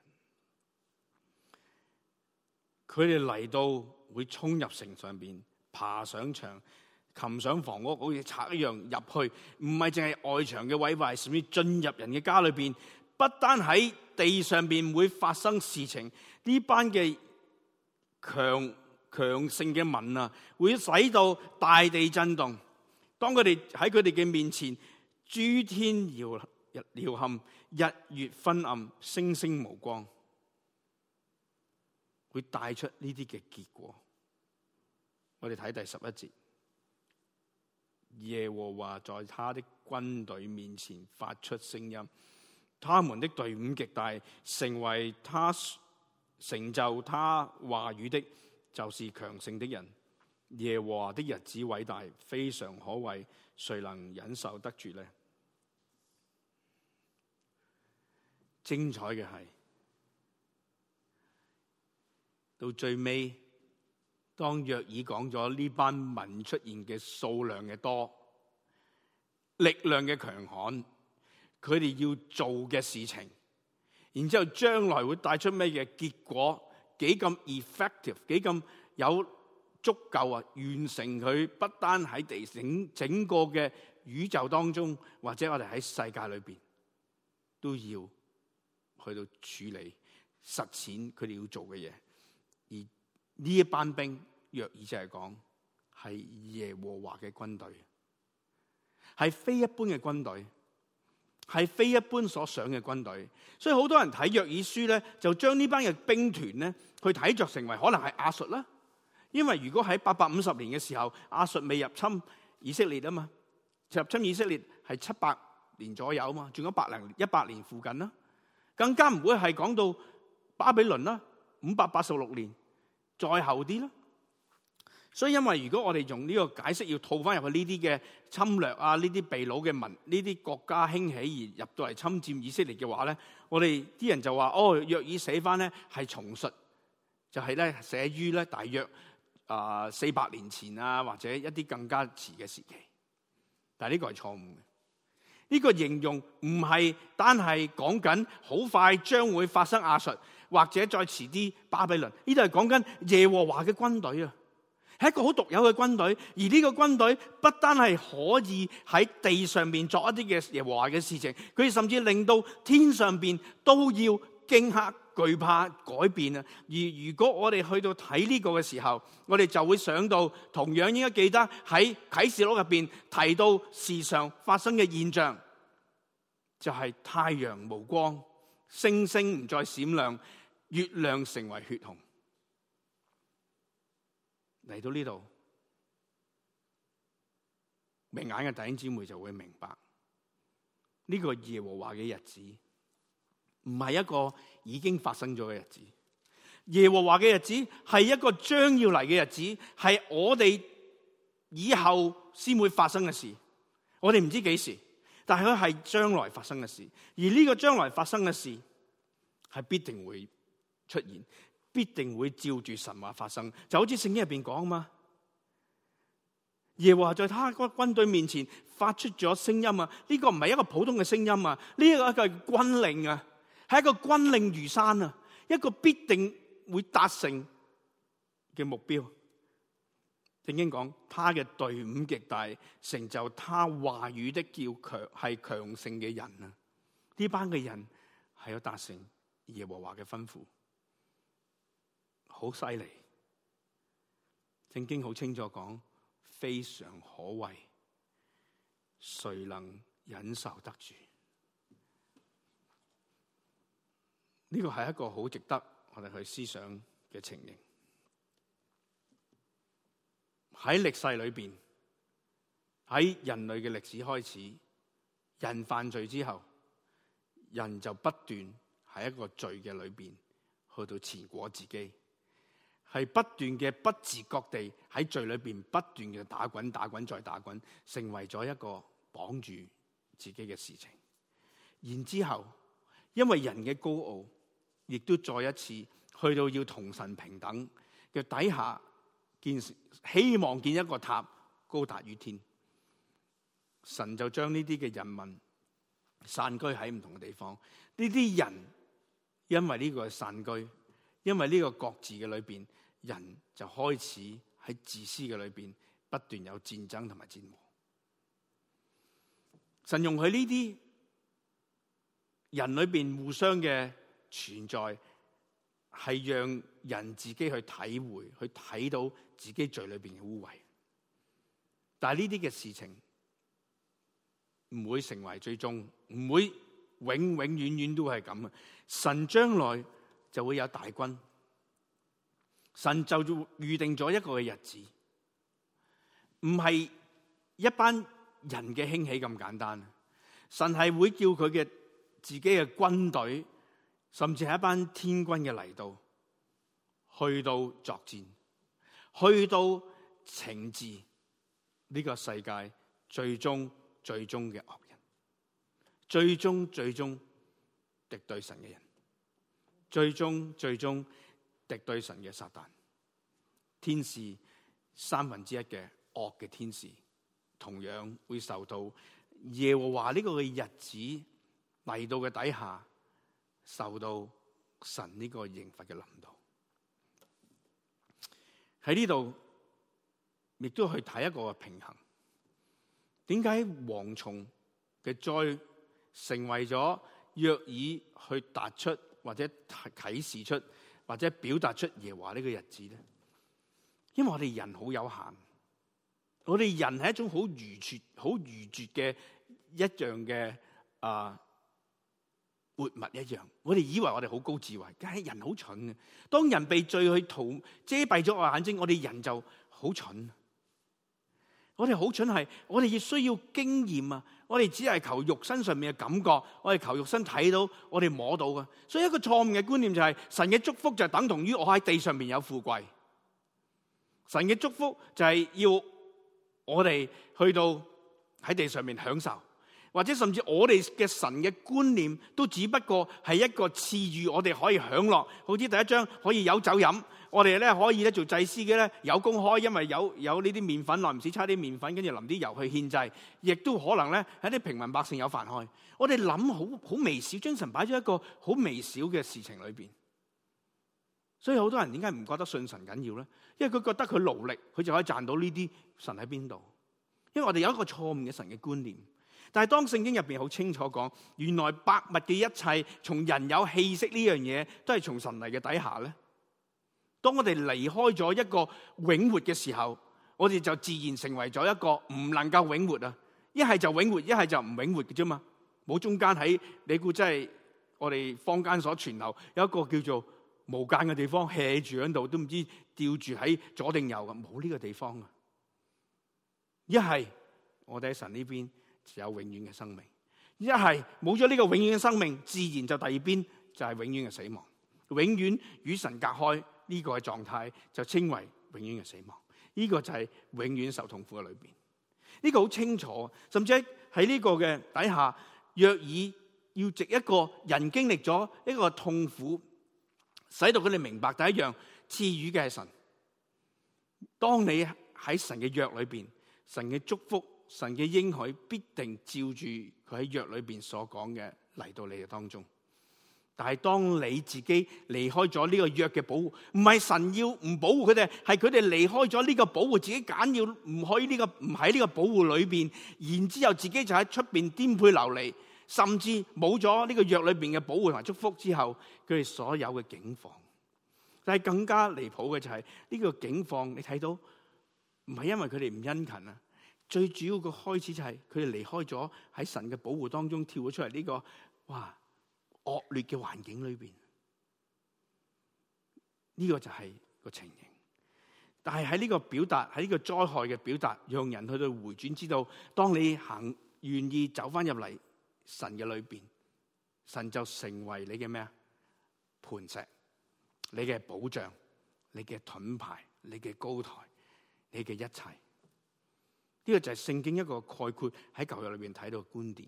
佢哋嚟到會衝入城上邊，爬上牆，擒上房屋，好似賊一樣入去。唔係淨係外牆嘅毀壞，甚至進入人嘅家裏邊。不單喺地上邊會發生事情，呢班嘅強強盛嘅民啊，會使到大地震動。當佢哋喺佢哋嘅面前，諸天搖。日料陷，日月昏暗，星星無光，會帶出呢啲嘅結果。我哋睇第十一節，耶和華在他的軍隊面前發出聲音，他們的隊伍極大，成為他成就他話語的，就是強盛的人。耶和華的日子偉大，非常可畏，誰能忍受得住呢？精彩嘅係，到最尾，當約珥講咗呢班民出現嘅數量嘅多，力量嘅強悍，佢哋要做嘅事情，然之後將來會帶出咩嘢結果？幾咁 effective，幾咁有足夠啊？完成佢不單喺地整整個嘅宇宙當中，或者我哋喺世界裏邊都要。去到處理實踐佢哋要做嘅嘢，而呢一班兵約珥就係講係耶和華嘅軍隊，係非一般嘅軍隊，係非一般所想嘅軍隊。所以好多人睇約珥書咧，就將呢班嘅兵團咧去睇作成為可能係亞述啦。因為如果喺八百五十年嘅時候亞述未入侵以色列啊嘛，入侵以色列係七百年左右啊嘛，仲有百零一百年附近啦。更加唔會係講到巴比倫啦，五百八十六年再後啲啦。所以因為如果我哋用呢個解釋要套翻入去呢啲嘅侵略啊、呢啲被擄嘅民、呢啲國家興起而入到嚟侵佔以色列嘅話咧，我哋啲人們就話：哦，約珥書寫翻咧係從述，就係、是、咧寫於咧大約啊四百年前啊，或者一啲更加遲嘅時期。但係呢個係錯誤嘅。呢個形容唔係單係講緊好快將會發生亞述，或者再遲啲巴比倫，呢度係講緊耶和華嘅軍隊啊，係一個好獨有嘅軍隊，而呢個軍隊不單係可以喺地上面作一啲嘅耶和華嘅事情，佢甚至令到天上邊都要驚嚇。懼怕改變啊！而如果我哋去到睇呢個嘅時候，我哋就會想到，同樣應該記得喺啟示錄入邊提到時常發生嘅現象，就係太陽無光，星星唔再閃亮，月亮成為血紅。嚟到呢度，明眼嘅弟兄姊妹就會明白呢個耶和華嘅日子，唔係一個已經發生咗嘅日子，耶和華嘅日子係一個將要嚟嘅日子，係我哋以後先會發生嘅事。我哋唔知幾時，但係佢係將來發生嘅事。而呢個將來發生嘅事係必定會出現，必定會照住神話發生。就好似聖經入邊講吖嘛，耶和華在他嗰軍隊面前發出咗聲音啊！呢個唔係一個普通嘅聲音啊，呢一個係軍令啊！係一個軍令如山啊！一個必定會達成嘅目標。聖經講，他嘅隊伍極大，成就他話語的叫強係強盛嘅人啊！呢班嘅人係有達成耶和華嘅吩咐，好犀利。聖經好清楚講，非常可畏，誰能忍受得住？呢個係一個好值得我哋去思想嘅情形。喺歷世裏邊，喺人類嘅歷史開始，人犯罪之後，人就不斷喺一個罪嘅裏邊去到纏裹自己，係不斷嘅不自覺地喺罪裏邊不斷嘅打滾、打滾再打滾，成為咗一個綁住自己嘅事情。然之後，因為人嘅高傲。亦都再一次去到要同神平等嘅底下，建，希望建一個塔高達於天。神就將呢啲嘅人民散居喺唔同嘅地方。呢啲人因為呢個係散居，因為呢個各自嘅裏邊，人就開始喺自私嘅裏邊不斷有戰爭同埋戰禍。神用佢呢啲人裏邊互相嘅。存在係讓人自己去體會、去睇到自己罪裏邊嘅污穢。但係呢啲嘅事情唔會成為最終，唔會永永遠遠遠遠都係咁啊！神將來就會有大軍，神就預定咗一個嘅日子，唔係一班人嘅興起咁簡單。神係會叫佢嘅自己嘅軍隊。甚至係一班天軍嘅嚟到，去到作戰，去到懲治呢個世界最終最終嘅惡人，最終最終敵對神嘅人，最終最終敵對神嘅撒旦，天使三分之一嘅惡嘅天使，同樣會受到耶和華呢個嘅日子嚟到嘅底下。受到神呢個刑罰嘅臨到，喺呢度亦都去睇一個平衡。點解蝗蟲嘅災成為咗約珥去突出，或者啟示出，或者表達出耶和華呢個日子咧？因為我哋人好有限，我哋人係一種好愚拙、好愚拙嘅一樣嘅啊。活物一樣，我哋以為我哋好高智慧，但係人好蠢嘅。當人被罪去塗遮蔽咗我眼睛，我哋人就好蠢。我哋好蠢係，我哋亦需要經驗啊！我哋只係求肉身上面嘅感覺，我哋求肉身睇到，我哋摸到嘅。所以一個錯誤嘅觀念就係，神嘅祝福就等同於我喺地上面有富貴。神嘅祝福就係要我哋去到喺地上面享受。或者甚至我哋嘅神嘅觀念都只不過係一個賜予我哋可以享樂，好似第一章可以有酒飲，我哋咧可以咧做祭司嘅咧有工開，因為有有呢啲麵粉，耐唔使差啲麵粉跟住淋啲油去獻祭，亦都可能咧喺啲平民百姓有飯開。我哋諗好好微小，將神擺咗一個好微小嘅事情裏邊。所以好多人點解唔覺得信神緊要咧？因為佢覺得佢勞力佢就可以賺到呢啲神喺邊度。因為我哋有一個錯誤嘅神嘅觀念。但係當聖經入邊好清楚講，原來百物嘅一切，從人有氣息呢樣嘢，都係從神嚟嘅底下咧。當我哋離開咗一個永活嘅時候，我哋就自然成為咗一個唔能夠永活啊！一係就永活，一係就唔永活嘅啫嘛。冇中間喺，你估真係我哋坊間所存留有一個叫做無間嘅地方，hea 住喺度，都唔知道吊住喺左定右嘅，冇呢個地方啊！一係我哋喺神呢邊有永遠嘅生命，一係冇咗呢個永遠嘅生命，自然就第二邊就係永遠嘅死亡，永遠與神隔開呢個嘅狀態，就稱為永遠嘅死亡。呢個就係永遠受痛苦嘅裏邊，呢個好清楚。甚至喺呢個嘅底下，若以要藉一個人經歷咗一個痛苦，使到佢哋明白第一樣賜予嘅係神。當你喺神嘅約裏邊，神嘅祝福。神嘅應許必定照住佢喺約裏邊所講嘅嚟到你嘅當中，但係當你自己離開咗呢個約嘅保護，唔係神要唔保護佢哋，係佢哋離開咗呢個保護，自己揀要唔可以呢個唔喺呢個保護裏邊，然之後自己就喺出邊顛沛流離，甚至冇咗呢個約裏邊嘅保護同埋祝福之後，佢哋所有嘅境況。但係更加離譜嘅就係呢個境況，你睇到唔係因為佢哋唔殷勤啊。最主要嘅開始就係佢哋離開咗喺神嘅保護當中跳咗出嚟，呢個哇惡劣嘅環境裏邊，呢個就係個情形。但係喺呢個表達喺呢個災害嘅表達，讓人去到回轉之道，當你行願意走翻入嚟神嘅裏邊，神就成為你嘅咩啊磐石，你嘅保障，你嘅盾牌，你嘅高台，你嘅一切。呢個就係聖經一個概括，喺舊約裡面睇到嘅觀點，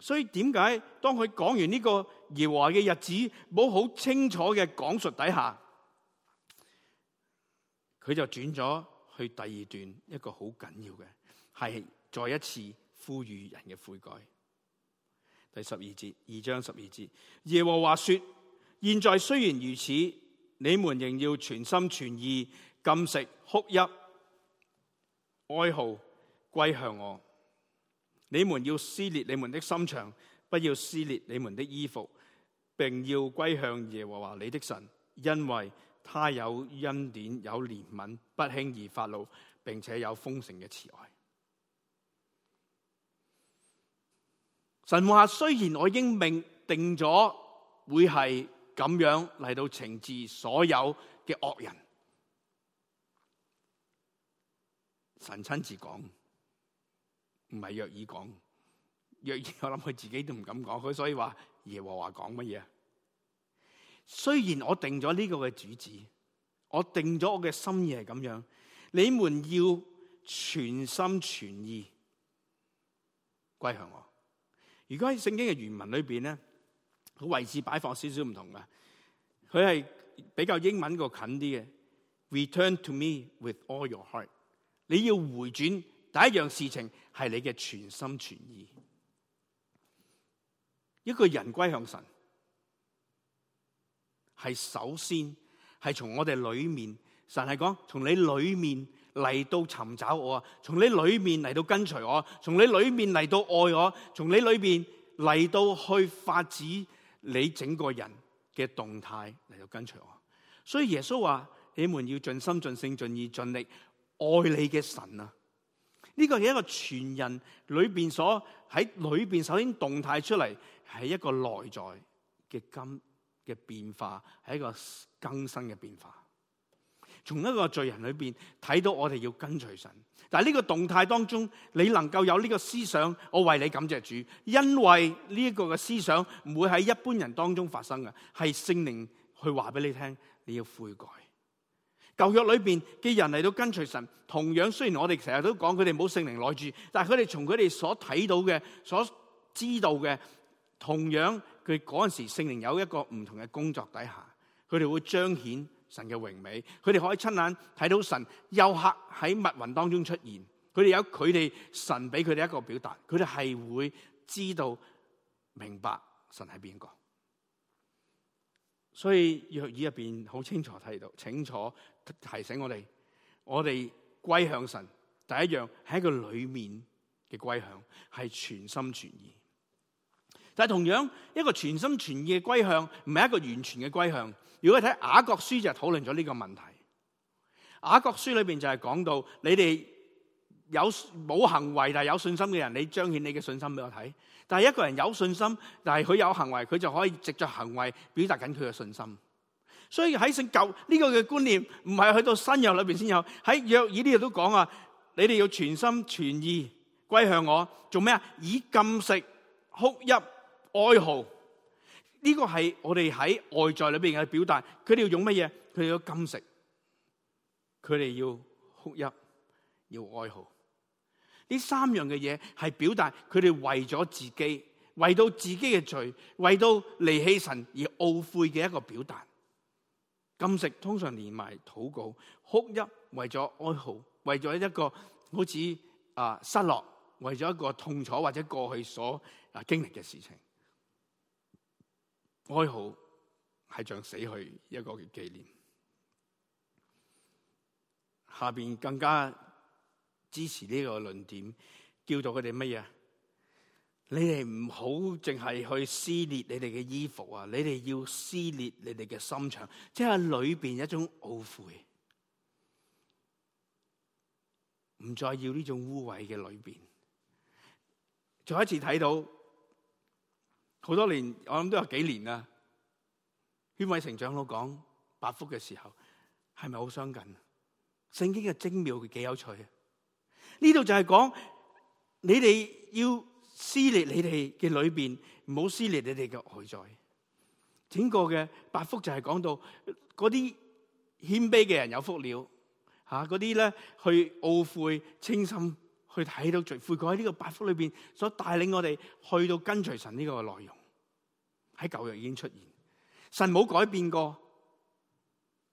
所以點解當佢講完呢個耶和華嘅日子冇好清楚嘅講述底下，佢就轉咗去第二段一個好緊要嘅係再一次呼籲人嘅悔改。第十二節二章十二節，耶和華說：現在雖然如此，你們仍要全心全意禁食、哭泣，哀號歸向我，你們要撕裂你們的心腸，不要撕裂你們的衣服，並要歸向耶和華你的神，因為他有恩典，有憐憫，不輕易發怒，並且有豐盛嘅慈愛。神話，雖然我已經命定咗會係咁樣嚟到懲治所有嘅惡人。神親自講，唔係約珥講約珥。我諗佢自己都唔敢講佢，所以話耶和華講乜嘢？雖然我定咗呢個嘅主旨，我定咗我嘅心意係咁樣，你們要全心全意歸向我。如果喺聖經嘅原文裏邊咧，個位置擺放少少唔同嘅，佢係比較英文個近啲嘅。Return to me with all your heart。你要回轉，第一樣事情係你嘅全心全意。一個人歸向神，係首先係從我哋裡面，神係講從你裡面嚟到尋找我啊，從你裡面嚟到跟隨我，從你裡面嚟到愛我，從你裡面嚟到去發展你整個人嘅動態嚟到跟隨我。所以耶穌話：你們要盡心、盡性、盡意、盡力。愛你嘅神啊，呢個係一個全人裏邊所喺裏邊首先動態出嚟，係一個內在嘅金嘅變化，係一個更新嘅變化。從一個罪人裏邊睇到我哋要跟隨神，但係呢個動態當中，你能夠有呢個思想，我為你感謝主，因為呢一個嘅思想唔會喺一般人當中發生嘅，係聖靈去話俾你聽，你要悔改。舊約裏邊嘅人嚟到跟隨神，同樣雖然我哋成日都講佢哋冇聖靈內住，但係佢哋從佢哋所睇到嘅、所知道嘅，同樣佢嗰陣時聖靈有一個唔同嘅工作底下，佢哋會彰顯神嘅榮美。佢哋可以親眼睇到神幽客喺密雲當中出現。佢哋有佢哋神俾佢哋一個表達，佢哋係會知道明白神係邊個。所以約珥入邊好清楚睇到清楚。提醒我哋，我哋歸向神第一樣係一個裏面嘅歸向，係全心全意。但係同樣一個全心全意嘅歸向，唔係一個完全嘅歸向。如果你睇雅各書就係討論咗呢個問題。雅各書裏邊就係講到，你哋有冇行為但係有信心嘅人，你彰顯你嘅信心俾我睇。但係一個人有信心，但係佢有行為，佢就可以藉着行為表達緊佢嘅信心。所以喺聖舊呢個嘅觀念唔係去到新約裏邊先有，喺約珥呢度都講啊，你哋要全心全意歸向我做咩啊？以禁食、哭泣、哀號呢個係我哋喺外在裏邊嘅表達。佢哋要用乜嘢？佢哋要禁食，佢哋要哭泣，要哀號。呢三樣嘅嘢係表達佢哋為咗自己，為到自己嘅罪，為到離棄神而懊悔嘅一個表達。禁食通常連埋禱告、哭泣為咗哀、為咗哀號、為咗一個好似啊、呃、失落、為咗一個痛楚或者過去所經歷嘅事情，哀號係像死去一個紀念。下邊更加支持呢個論點，叫做佢哋乜嘢？你哋唔好淨係去撕裂你哋嘅衣服啊！你哋要撕裂你哋嘅心腸，即係裏邊一種懊悔，唔再要呢種污穢嘅裏邊。再一次睇到好多年，我諗都有幾年啦。宣偉成長老講百福嘅時候，係咪好相近？聖經嘅精妙，嘅幾有趣啊！呢度就係講你哋要。撕裂你哋嘅裏邊，唔好撕裂你哋嘅外在。整個嘅八福就係講到啲謙卑嘅人有福了，吓啲咧去懊悔、清心，去睇到罪悔改。喺呢個八福裏邊所帶領我哋去到跟隨神呢個內容，喺舊約已經出現，神冇改變過，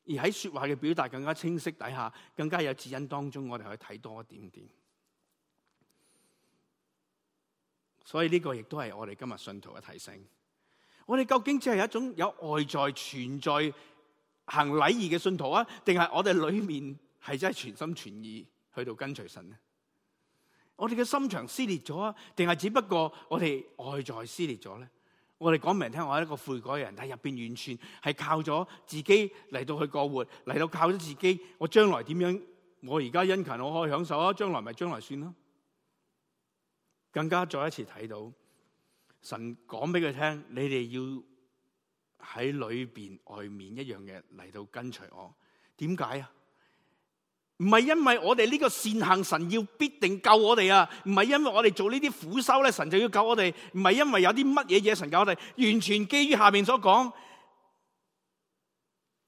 而喺說話嘅表達更加清晰底下，更加有指引當中，我哋去睇多一點點。所以呢個亦都係我哋今日信徒嘅提醒。我哋究竟只係一種有外在存在行禮儀嘅信徒啊，定係我哋裏面係真係全心全意去到跟隨神呢？我哋嘅心腸撕裂咗啊，定係只不過我哋外在撕裂咗咧？我哋講明聽，我係一個悔改嘅人，但入邊完全係靠咗自己嚟到去過活，嚟到靠咗自己，我將來點樣？我而家殷勤，我可以享受啊，將來咪將來算啦。更加再一次睇到神講俾佢聽，你哋要喺裏邊外面一樣嘅嚟到跟隨我。點解啊？唔係因為我哋呢個善行，神要必定救我哋啊！唔係因為我哋做呢啲苦修咧，神就要救我哋。唔係因為有啲乜嘢嘢，神救我哋。完全基於下面所講，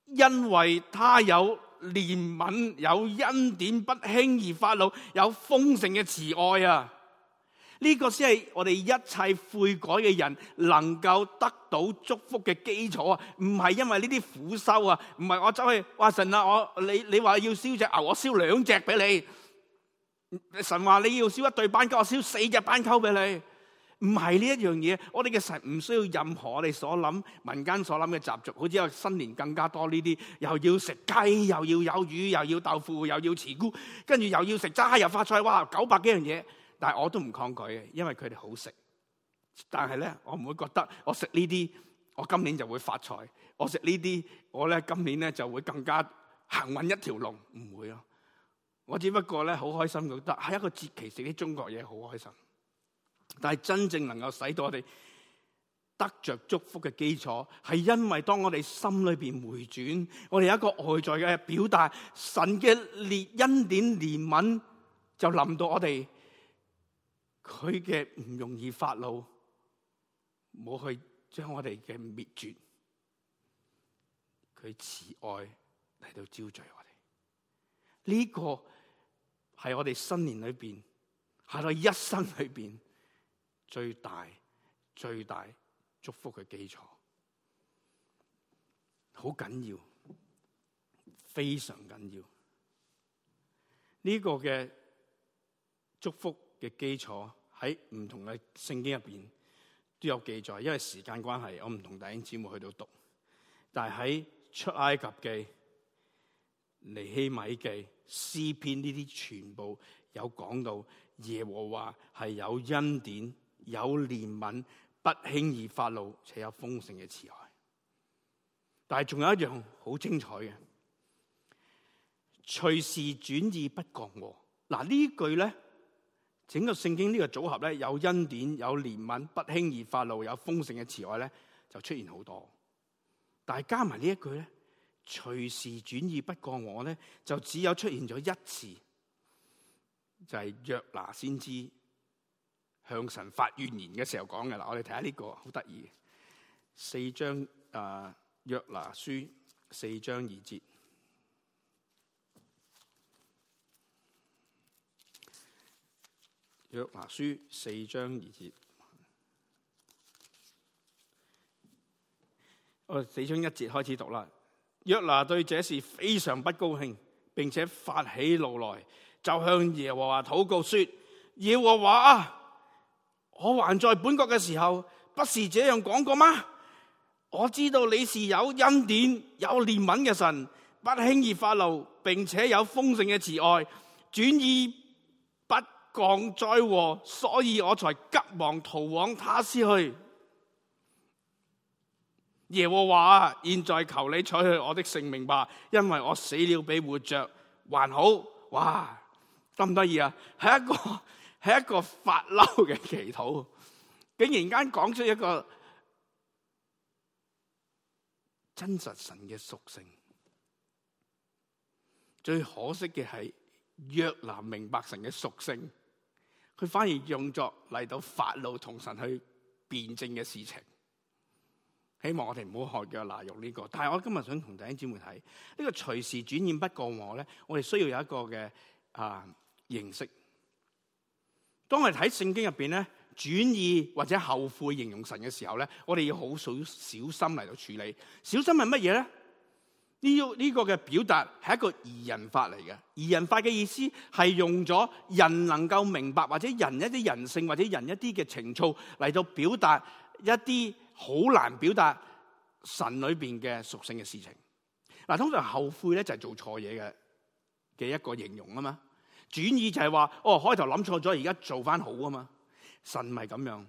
因為他有憐憫，有恩典，不輕易發怒，有豐盛嘅慈愛啊！呢個先係我哋一切悔改嘅人能夠得到祝福嘅基礎啊！唔係因為呢啲苦修啊，唔係我走去話神啊，我你你話要燒隻牛，我燒兩隻俾你。神話你要燒一對斑鳩，我燒四隻斑鳩俾你。唔係呢一樣嘢，我哋嘅神唔需要任何我哋所諗民間所諗嘅習俗，好似有新年更加多呢啲，又要食雞，又要有魚，又要豆腐，又要慈菇，跟住又要食齋，又發菜，哇，九百幾樣嘢。但係我都唔抗拒嘅，因為佢哋好食。但係咧，我唔會覺得我食呢啲，我今年就會發財。我食呢啲，我咧今年咧就會更加行運一條龍，唔會咯。我只不過咧好開心覺得喺一個節期食啲中國嘢好開心。但係真正能夠使到我哋得着祝福嘅基礎，係因為當我哋心裏邊回轉，我哋有一個外在嘅表達，神嘅憐恩典、憐憫就臨到我哋。佢嘅唔容易發怒，冇去將我哋嘅滅絕，佢慈愛嚟到招聚我哋。呢個係我哋新年裏邊，係我一生裏邊最大、最大祝福嘅基礎，好緊要，非常緊要。呢個嘅祝福嘅基礎。喺唔同嘅聖經入邊都有記載，因為時間關係，我唔同弟兄姐妹去到讀。但係喺出埃及記、尼希米記、詩篇呢啲全部有講到耶和華係有恩典、有憐憫、不輕易發怒且有豐盛嘅慈愛。但係仲有一樣好精彩嘅，隨時轉意不降禍。嗱，呢句咧。整個聖經呢個組合咧，有恩典、有憐憫、不輕易發怒、有豐盛嘅慈愛咧，就出現好多。但係加埋呢一句咧，隨時轉意。不過我咧，就只有出現咗一次，就係、是、約拿先知向神發怨言嘅時候講嘅嗱。我哋睇下呢個好得意，四章啊約、呃、拿書四章二節。約拿書四章二節，我四章一節開始讀啦。約拿對這事非常不高興，並且發起怒來，就向耶和華禱告說：耶和華啊，我還在本國嘅時候，不是這樣講過嗎？我知道你是有恩典、有憐憫嘅神，不輕易發怒，並且有豐盛嘅慈愛，轉意。降災禍，所以我才急忙逃往他施去。耶和華現在求你取去我的性命吧，因為我死了比活着還好。哇，得唔得意啊？係一個係一個發嬲嘅祈禱，竟然間講出一個真實神嘅屬性。最可惜嘅是約拿明白神嘅屬性。佢反而用作嚟到法老同神去辯證嘅事情，希望我哋唔好學約拿肉呢個，但係我今日想同弟兄姊妹睇呢個隨時轉現不過我咧，我哋需要有一個嘅啊認識。當我哋喺聖經入邊咧轉意或者後悔形容神嘅時候咧，我哋要好少小心嚟到處理。小心係乜嘢咧？呢呢個嘅表達係一個擬人法嚟嘅，擬人法嘅意思係用咗人能夠明白或者人一啲人性或者人一啲嘅情操嚟到表達一啲好難表達神裏邊嘅屬性嘅事情。嗱，通常後悔咧就係做錯嘢嘅嘅一個形容啊嘛，轉意就係話哦開頭諗錯咗，而家做翻好啊嘛，神咪咁樣。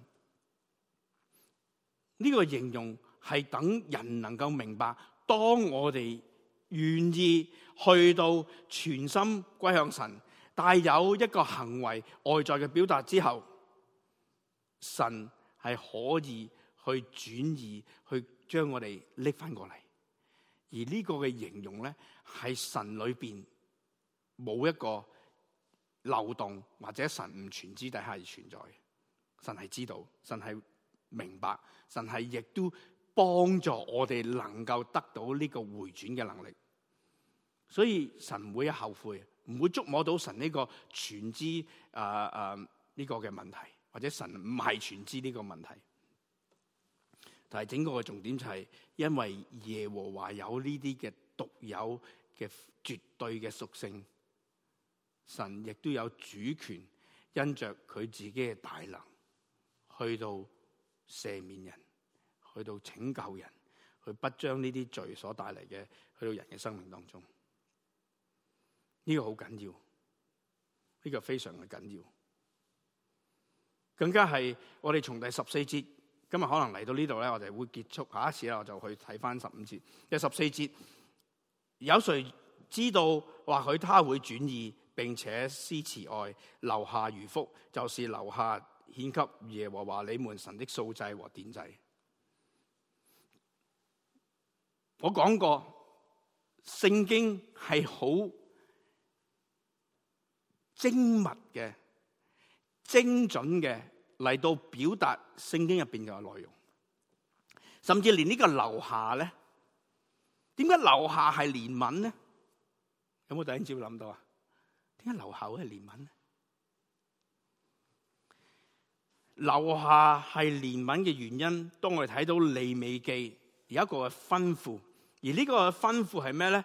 呢個形容係等人能夠明白。當我哋願意去到全心歸向神，帶有一個行為外在嘅表達之後，神係可以去轉移，去將我哋拎翻過嚟。而呢個嘅形容咧，喺神裏邊冇一個漏洞或者神唔全知底下而存在嘅。神係知道，神係明白，神係亦都。幫助我哋能夠得到呢個回轉嘅能力，所以神唔會後悔，唔會捉摸到神呢個全知誒誒，呢個嘅問題，或者神唔係全知呢個問題。但係整個嘅重點就係，因為耶和華有呢啲嘅獨有嘅絕對嘅屬性，神亦都有主權，因着佢自己嘅大能，去到赦免人。去到拯救人，去不將呢啲罪所帶嚟嘅去到人嘅生命當中，呢、這個好緊要，呢、這個非常嘅緊要，更加係我哋從第十四節今日可能嚟到這裏呢度咧，我哋會結束下一次咧，我就去睇翻十五節。第十四節有誰知道，或許他，他會轉意，並且施慈愛，留下餘福，就是留下獻給耶和華你們神的素祭和奠祭。我講過，聖經係好精密嘅、精準嘅嚟到表達聖經入邊嘅內容，甚至連這個留下呢個留下咧，點解留下係憐憫咧？有冇突然之間諗到啊？點解留下係憐憫咧？留下係憐憫嘅原因，當我哋睇到利未記有一個嘅吩咐。而呢個吩咐係咩咧？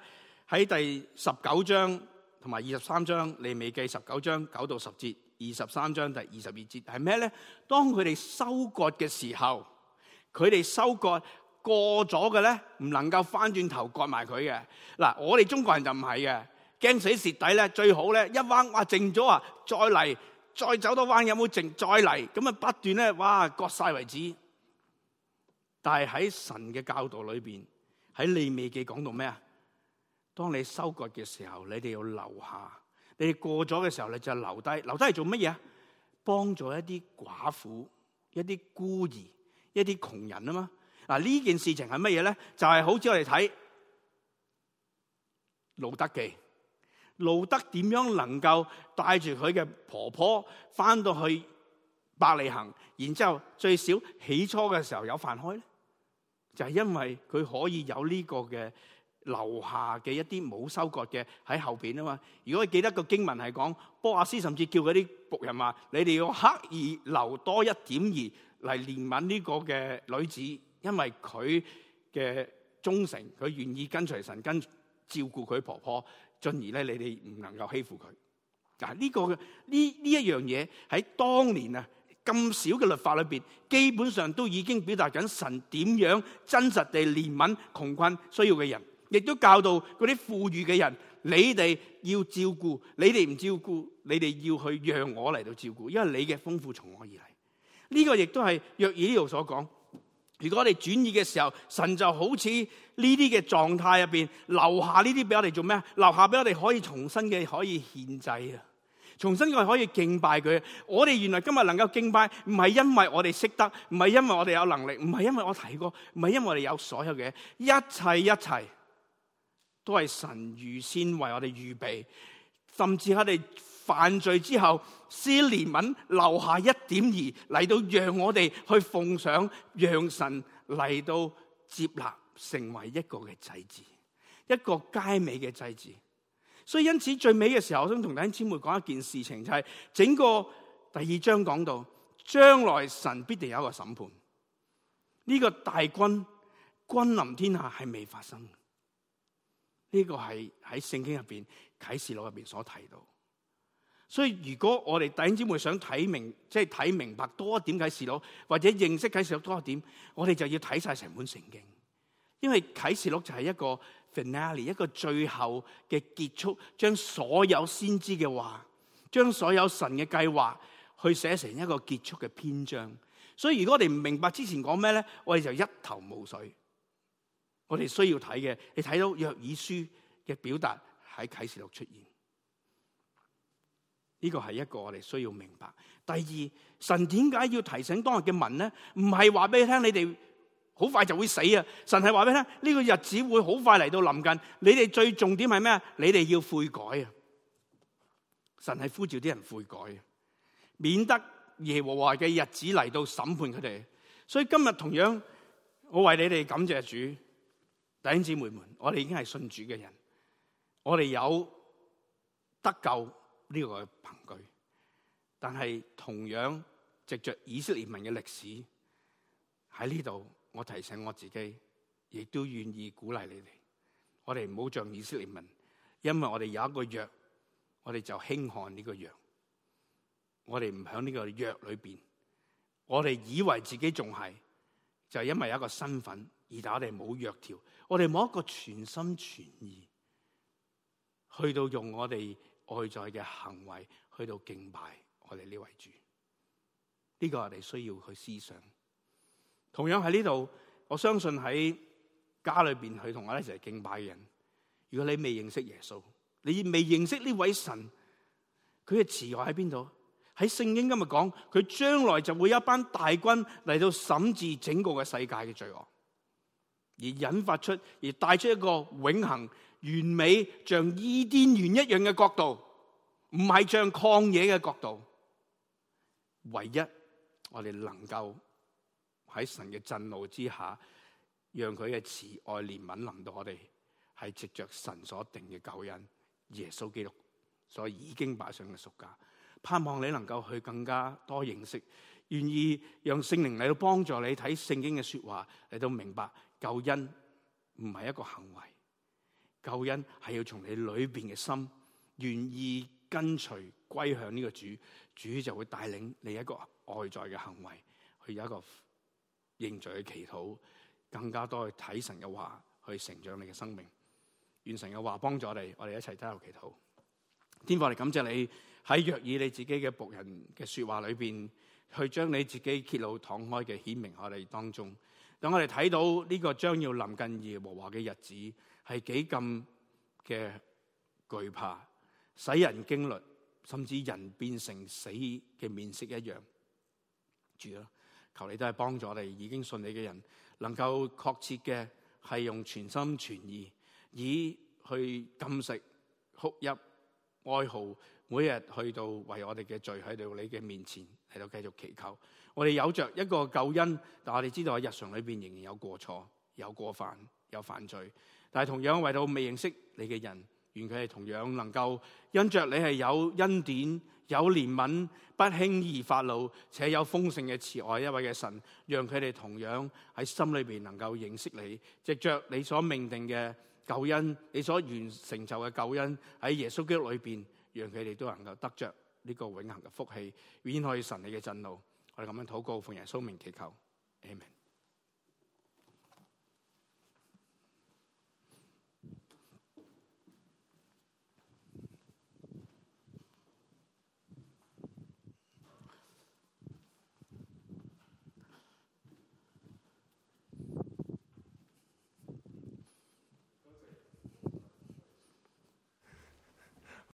喺第十九章同埋二十三章，你未記十九章九到十節，二十三章第二十二節係咩咧？當佢哋收割嘅時候，佢哋收割過咗嘅咧，唔能夠翻轉頭割埋佢嘅。嗱，我哋中國人就唔係嘅，驚死蝕底咧，最好咧一彎哇淨咗啊，再嚟，再走多彎有冇淨？再嚟咁啊，不斷咧哇割晒為止。但係喺神嘅教導裏邊，喺利未記講到咩啊？當你收割嘅時候，你哋要留下；你哋過咗嘅時候，你就留低。留低係做乜嘢啊？幫助一啲寡婦、一啲孤兒、一啲窮人啊嘛。嗱，呢件事情係乜嘢咧？就係、是、好似我哋睇路德記，路德點樣能夠帶住佢嘅婆婆翻到去伯利恒，然之後最少起初嘅時候有飯開咧？就係因為佢可以有呢個嘅留下嘅一啲冇收割嘅喺後邊啊嘛！如果你記得個經文係講，波亞斯甚至叫嗰啲僕人話：你哋要刻意留多一點兒嚟憐憫呢個嘅女子，因為佢嘅忠誠，佢願意跟隨神跟照顧佢婆婆，進而咧你哋唔能夠欺負佢。嗱、這、呢個呢呢一樣嘢喺當年啊！咁少嘅律法裏邊，基本上都已經表達緊神點樣真實地憐憫窮困需要嘅人，亦都教導嗰啲富裕嘅人，你哋要照顧，你哋唔照顧，你哋要去讓我嚟到照顧，因為你嘅豐富從我而嚟。呢、這個亦都係約珥呢度所講。如果我哋轉移嘅時候，神就好似呢啲嘅狀態入邊留下呢啲俾我哋做咩？留下俾我哋可以重新嘅可以獻祭。」啊！重新我可以敬拜佢，我哋原來今日能夠敬拜，唔係因為我哋識得，唔係因為我哋有能力，唔係因為我提過，唔係因為我哋有所有嘅一切，一切都係神預先為我哋預備，甚至喺我哋犯罪之後，施憐憫留下一點兒嚟到讓我哋去奉上，讓神嚟到接納成為一個嘅祭祀，一個佳美嘅祭祀。所以因此最尾嘅時候，我想同弟兄姊妹講一件事情，就係整個第二章講到將來神必定有一個審判，呢個大軍君臨天下係未發生。呢個係喺聖經入邊啟示錄入邊所提到。所以如果我哋弟兄姊妹想睇明，即係睇明白多一點啟示錄，或者認識啟示錄多一點，我哋就要睇晒成本聖經，因為啟示錄就係一個。Finale，一個最後嘅結束，將所有先知嘅話，將所有神嘅計劃，去寫成一個結束嘅篇章。所以如果我哋唔明白之前講咩咧，我哋就一頭霧水。我哋需要睇嘅，你睇到《約珥書》嘅表達喺啟示錄出現。呢個係一個我哋需要明白。第二，神點解要提醒當日嘅民咧？唔係話俾你聽你哋。好快就會死啊！神係話俾你聽，呢個日子會好快嚟到臨近，你哋最重點係咩？你哋要悔改啊！神係呼召啲人悔改，免得耶和華嘅日子嚟到審判佢哋。所以今日同樣，我為你哋感謝主，弟兄姊妹們，我哋已經係信主嘅人，我哋有得救呢個憑據。但係同樣藉着以色列民嘅歷史喺呢度。我提醒我自己，亦都願意鼓勵你哋。我哋唔好像以色列民，因為我哋有一個約，我哋就輕看呢個約。我哋唔響呢個約裏邊，我哋以為自己仲係就因為有一個身份，而我哋冇約條，我哋冇一個全心全意去到用我哋外在嘅行為去到敬拜我哋呢位主。呢個我哋需要去思想。同樣喺呢度，我相信喺家裏邊佢同我一齊敬拜嘅人。如果你未認識耶穌，你未認識呢位神，佢嘅慈愛喺邊度？喺聖經今日講，佢將來就會有一班大軍嚟到審判整個嘅世界嘅罪惡，而引發出而帶出一個永恆完美，像伊甸園一樣嘅國度，唔係像曠野嘅國度。唯一我哋能夠。喺神嘅震怒之下，讓佢嘅慈愛憐憫臨到我哋，係藉着神所定嘅救恩，耶穌基督所以已經擺上嘅贖價，盼望你能夠去更加多認識，願意讓聖靈嚟到幫助你睇聖經嘅說話，你都明白救恩唔係一個行為，救恩係要從你裏邊嘅心願意跟隨歸向呢個主，主就會帶領你一個外在嘅行為去有一個。仍在去祈禱，更加多去睇神嘅話，去成長你嘅生命。願神嘅話幫助我哋，我哋一齊加入祈禱。天父，我哋感謝你喺約珥你自己嘅僕人嘅說話裏邊，去將你自己揭露、敞開嘅顯明在我哋當中。等我哋睇到呢個將要臨近耶和華嘅日子係幾咁嘅懼怕，使人驚栗，甚至人變成死嘅面色一樣。住啦。求你都係幫助我哋已經信你嘅人，能夠確切嘅係用全心全意，以去禁食、哭泣、哀嚎，每日去到為我哋嘅罪喺度你嘅面前，喺度繼續祈求。我哋有着一個救恩，但我哋知道喺日常裏邊仍然有過錯、有過犯、有犯罪。但係同樣為到未認識你嘅人，願佢係同樣能夠因着你係有恩典。有憐憫，不輕易發怒，且有豐盛嘅慈愛，一位嘅神，讓佢哋同樣喺心裏邊能夠認識你，藉着你所命定嘅救恩，你所完成就嘅救恩，喺耶穌基督裏邊，讓佢哋都能夠得着呢個永恆嘅福氣，遠離神你嘅震怒，我哋噉樣禱告，奉耶穌名祈求，amen。